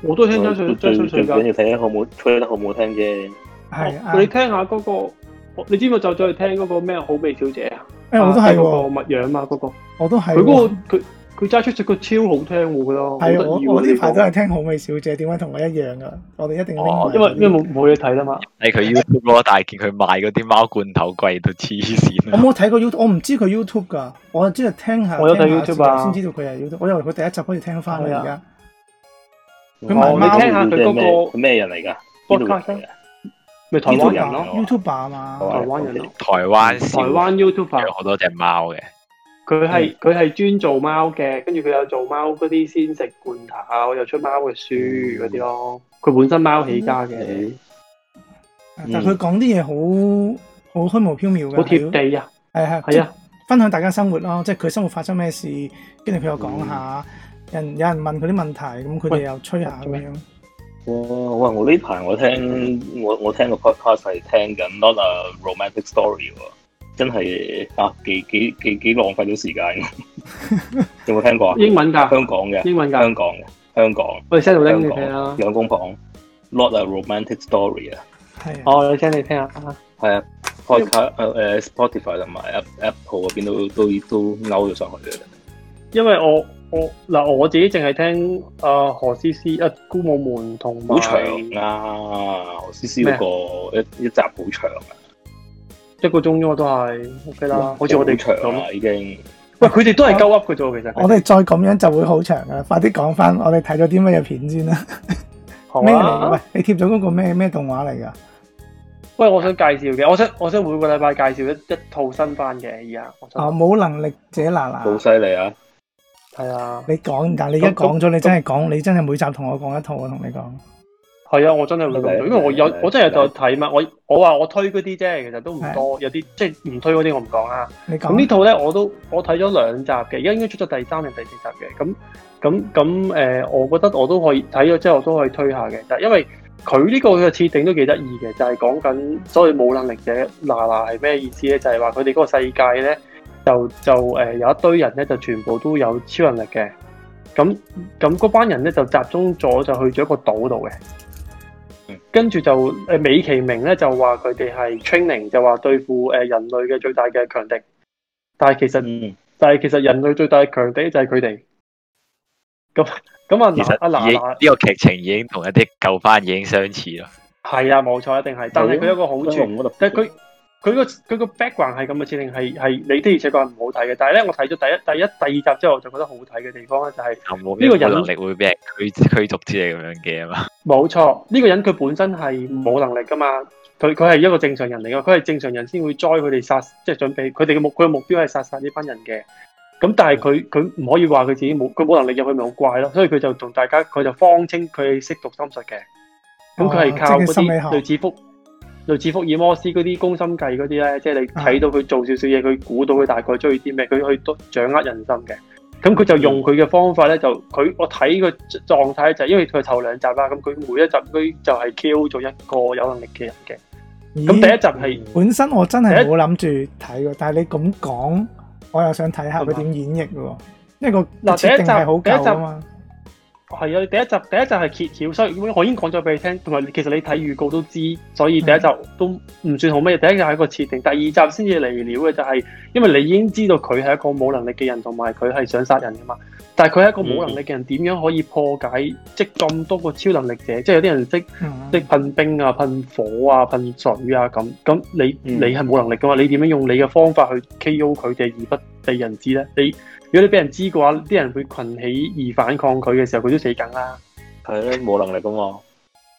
S3: 我都係聽吹水，吹水最。最緊要
S4: 睇下好唔好，吹得好唔好聽啫。係你
S3: 聽下嗰、嗰
S1: 個，你知唔知就再聽嗰個咩？好味小姐啊！誒我都係喎，物樣嘛嗰個，
S3: 我都係。佢嗰佢佢揸出出隻歌超好聽喎，我覺得。係我我呢排都係聽好味小姐點解同我一樣噶，我哋一定因為因為冇冇嘢睇啦
S5: 嘛。係佢 YouTube，但係見佢賣嗰啲貓罐頭貴到黐線。我冇
S3: 睇過 YouTube，我唔知佢 YouTube 㗎，我就知道聽下我有睇 YouTube，時候先知道佢係 YouTube。我以為佢第一集可以聽翻嘅，而家。佢唔
S5: 係
S4: 貓罐頭定咩？咩人嚟㗎？咪台灣人咯
S3: ，YouTuber 啊嘛，台灣
S1: 人
S5: 咯，台灣人，台灣 YouTuber 有好多隻貓嘅。佢係
S1: 佢係專做貓嘅，跟住佢有做貓嗰啲先食罐頭又出貓嘅書嗰啲咯。佢本身貓起家嘅，但
S3: 佢講啲嘢好好虛無縹緲嘅，好貼地啊，係係係啊，分享大家生活咯，即係佢生活發生咩事，跟住佢又講下，人有人問佢啲問題，咁佢哋又吹下咁樣。
S4: 哇！我呢排我聽、嗯、我我聽個 podcast 係聽緊 not a romantic story 喎，真係啊幾幾幾幾浪費咗時間。 有冇聽過啊？英文噶，香港嘅，英文噶，香港嘅，香港。
S1: 我哋喺度聽嘅係啊，
S4: 楊公房。Not a romantic story 啊。係的。哦
S1: ，oh, 你聽你聽
S4: 下啊。係啊，podcast 誒、uh, uh, Spotify 同埋 App Apple 嗰邊都都都勾咗上去嘅。
S1: 因為我。我嗱，我自己淨係聽阿、呃、何詩詩啊姑母們同好長
S4: 啊，何詩詩嗰個麼一一集好長，啊，
S1: 一個鐘咗都係 O K 啦，哇好似我哋長咁，啊、
S3: 已
S4: 經。
S1: 喂，佢哋都係鳩 up 佢做。啊、其實我哋再
S3: 咁樣就會好長啊。快啲講翻，我哋睇咗啲乜嘢片先啦。咩嚟？唔，你貼咗嗰個咩咩動畫嚟噶？
S1: 喂，我想介紹嘅，我想我想每個禮拜介紹一一套新番嘅，而家
S3: 哦冇能力者難啊，好犀利
S4: 啊！
S1: 係
S3: 啊，你講說但係你而家講咗，都你真係講，都你真係每集同我講一套，我同你講。
S1: 係啊，我真係會講，因為我有的我真係有睇嘛。我我話我推嗰啲啫，其實都唔多，有啲即係唔推嗰啲我唔講啊。咁、就是、說呢套咧，我都我睇咗兩集嘅，而家應該出咗第三定第四集嘅。咁咁咁誒，我覺得我都可以睇咗之後都可以推下嘅。但係因為佢呢個嘅設定都幾得意嘅，就係講緊所謂冇能力者嗱嗱係咩意思咧？就係話佢哋嗰個世界咧。就就誒、呃、有一堆人咧，就全部都有超能力嘅，咁咁班人咧就集中咗就去咗一個島度嘅，跟住就誒、呃、美其名咧就話佢哋係 training，就話對付誒人類嘅最大嘅強敵，但係其實、嗯、但係其實人類最大嘅強敵就係佢哋，咁咁啊，其實阿嗱呢個
S5: 劇情已經同一啲舊番已經相似咯，
S1: 啊，係啊冇錯一定係，但係佢有個好處，但係佢。他佢個佢個 background 係咁嘅設定，係係你的而且確係唔好睇嘅。但係咧，我睇咗第一第一第二集之後，就覺得好睇嘅地方咧就係呢個人能力
S5: 會被驅驅逐之類咁樣嘅嘛。
S1: 冇錯，呢個人佢本身係冇能力噶嘛。佢佢係一個正常人嚟㗎。佢係正常人先會栽佢哋殺，即係準備佢哋嘅目佢嘅目標係殺殺呢班人嘅。咁但係佢佢唔可以話佢自己冇佢冇能力入去咪好怪咯。所以佢就同大家佢就謊稱佢識讀心術嘅。
S2: 咁佢係靠嗰個類
S1: 似福。類似福爾摩斯嗰啲攻心計嗰啲咧，即係你睇到佢做少少嘢，佢估到佢大概鍾意啲咩，佢去都掌握人心嘅。咁佢就用佢嘅方法咧，就佢我睇個狀態就係因為佢頭兩集啦，咁佢每一集佢就係 k 咗一個有能力嘅人嘅。
S3: 咁咦第一集係本身我真係冇諗住睇嘅，但係你咁講，我又想睇下佢點演繹嘅。因為個設定係好夠啊嘛。
S1: 係啊，第一集第一集係揭曉，所以我已經講咗俾你聽，同埋其實你睇預告都知，所以第一集都唔算好咩。第一集係一個設定，第二集先至嚟料嘅就係，因為你已經知道佢係一個冇能力嘅人，同埋佢係想殺人噶嘛。但係佢係一個冇能力嘅人，點、嗯、樣可以破解即咁多個超能力者？即係有啲人識識噴冰啊、噴火啊、噴水啊咁。咁你你係冇能力嘅話，你點樣用你嘅方法去 K.O 佢哋而不俾人知咧？你如果你俾人知嘅話，啲人會群起而反抗佢嘅時候，佢都死梗啦。係啊，冇能力噶嘛、啊。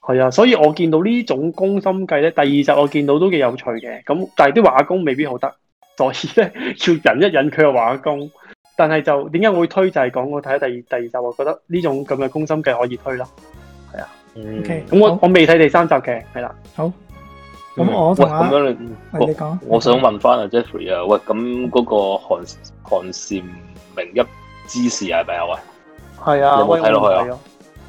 S1: 係啊，所以我見到呢種攻心計咧，第二集我見到都幾有趣嘅。咁但係啲畫工未必好得，所以咧 要忍一忍佢嘅畫工。但係就點解我會推，就係講我睇第二第二集，我覺得呢種咁嘅攻心計可以推咯，係啊，OK。咁我我未睇第三集嘅，係啦。好，咁我咁樣你你講。我想問
S4: 翻阿 Jeffrey 啊，喂，咁嗰個韓韓善明一知事係咪啊？喂，
S1: 係啊，有冇睇落去啊？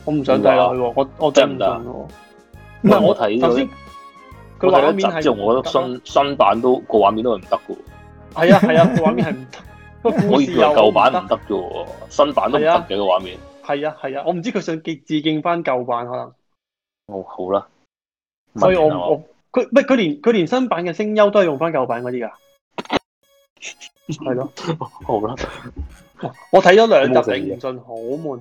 S1: 我
S4: 唔想睇落去喎，我我真唔得喎。唔係我頭先佢話一集之後，我覺得新新版都個畫面都係唔得嘅。
S1: 係啊係啊，個畫面係唔得。我以為舊版唔
S4: 得嘅喎，新版都得嘅個畫
S1: 面。係啊係啊，我唔知佢想致敬翻舊版可能。
S4: 哦好啦，所以我我
S1: 佢唔係佢連佢連新版嘅聲優都係用翻舊版嗰啲噶。
S4: 係咯，好啦，
S1: 我睇咗兩集《靈魂》好悶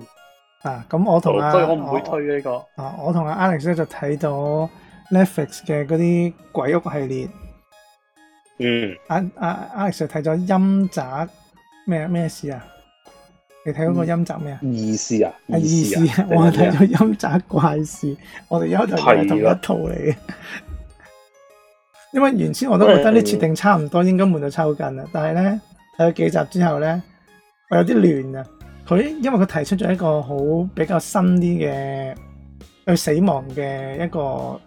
S3: 啊！咁我同啊，所以我唔會推呢個啊。我同阿 Alex 就睇咗 Netflix 嘅嗰啲鬼屋系列。嗯，啊啊 Alex 就睇咗陰宅。咩咩事啊？你睇嗰個陰宅咩啊？意思啊，意思啊，我睇咗陰宅怪事，我哋開頭原來同一套嚟嘅。的因為原先我都覺得呢設定差唔多，嗯、應該悶到抽筋啦。但係咧睇咗幾集之後咧，我有啲亂啊。佢因為佢提出咗一個好比較新啲嘅對死亡嘅一個、嗯、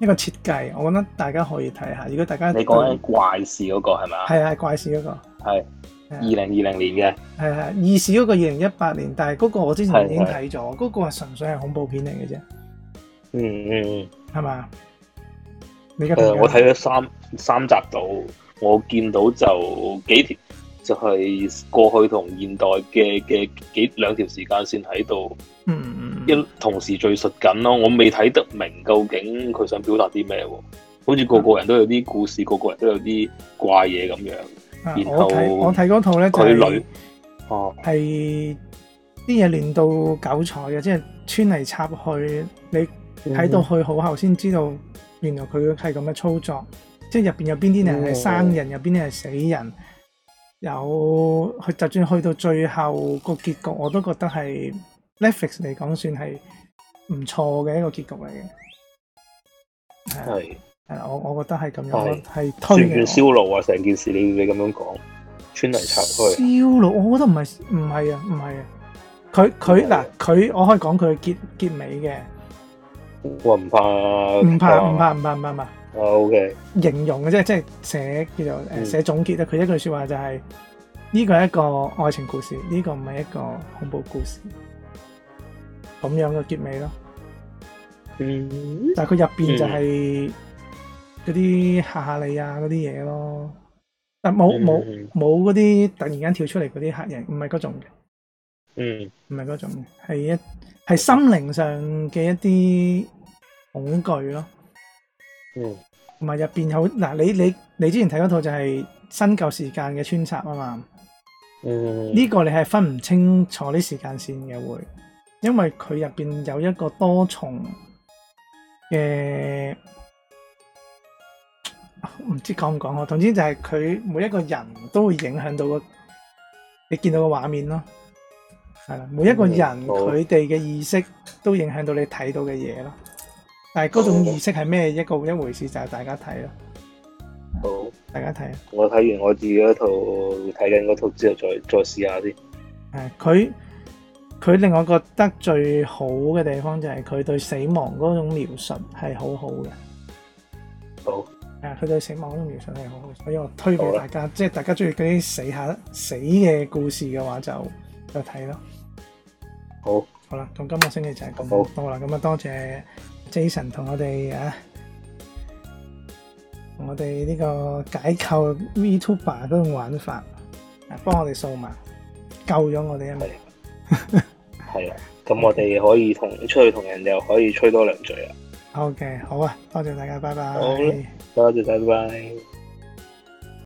S3: 一個設計，我覺得大家可以睇下。如果大家你講緊
S4: 怪事嗰個係咪啊？係啊，
S3: 係怪事嗰、嗰個
S4: 係二零二零年嘅，係係
S3: 二時，嗰個二零一八年，但係嗰個我之前已經睇咗，嗰的個係純粹係恐怖片嚟嘅啫。嗯嗯，嗯，係嘛吧？你嘅誒，我睇咗三
S4: 三集度，我見到就幾條，就係、是、過去同現代嘅嘅幾兩條時間線喺度，
S2: 嗯嗯，一
S4: 同時敘述緊咯。我未睇得明究竟佢想表達啲咩，好似個個人都有啲故事，的個個人都有啲怪嘢咁樣。
S3: 啊！我睇我睇嗰套咧、就是，就係係啲嘢練到九彩，嘅，即係穿嚟插去，你睇到去好後先、嗯、哼知道，原來佢係咁嘅操作，即係入邊有邊啲人係生人，有邊啲係死人，有佢就算去到最後個結局，我都覺得係 Netflix 嚟講算係唔錯嘅一個結局嚟嘅。係、嗯。我我覺得係咁樣，係推嘅。完全燒
S4: 腦啊！成件事你你咁樣講，穿嚟拆去。
S3: 燒腦，我覺得唔係唔係啊，唔係啊。佢佢嗱佢，我可以講佢結結尾嘅。我唔怕,、啊、唔怕，唔怕，唔怕，唔怕、啊，唔怕。啊，O K。形容嘅啫，即係寫叫做誒寫、嗯、總結啦。佢一句說話就係、是：呢、這個係一個愛情故事，呢、這個唔係一個恐怖故事。咁樣嘅結尾咯。嗯。但係佢入邊就係、是。嗯嗰啲嚇嚇你啊，嗰啲嘢咯，但冇冇冇嗰啲突然間跳出嚟嗰啲客人，唔係嗰種嘅，嗯，唔係嗰種嘅，係一係心靈上嘅一啲恐懼咯，嗯，同埋入邊有嗱、啊，你你你之前睇嗰套就係新舊時間嘅穿插啊嘛，嗯，
S2: 呢個
S3: 你係分唔清楚啲時間線嘅會，因為佢入邊有一個多重嘅。呃唔知講唔講我，總之就係佢每一個人都會影響到個你見到個畫面咯，係啦，每一個人佢哋嘅意識都影響到你睇到嘅嘢咯。但係嗰種意識係咩一個一回事，就係大家睇咯。好，大家睇啊。
S4: 我睇完我自己嗰套睇緊嗰套之後再，再再試下啲。誒，
S3: 佢佢令我覺得最好嘅地方就係佢對死亡嗰種描述係好好嘅。好。誒，佢對死亡嘅描述係好好，所以我推俾大家，吧即係大家中意嗰啲死下死嘅故事嘅話就就睇咯。好，好啦，咁今個星期就係咁多啦，咁啊好多謝 Jason 同我哋啊，我哋呢個解構 VTuber 嗰種玩法，幫、啊、我哋掃盲，救咗我哋一命，
S4: 係啊的，咁 我哋可以同出去同人哋又可以吹多兩嘴啊。
S3: O.K. 好啊，多謝大家，拜拜，嗯，
S4: 多謝大家，拜拜。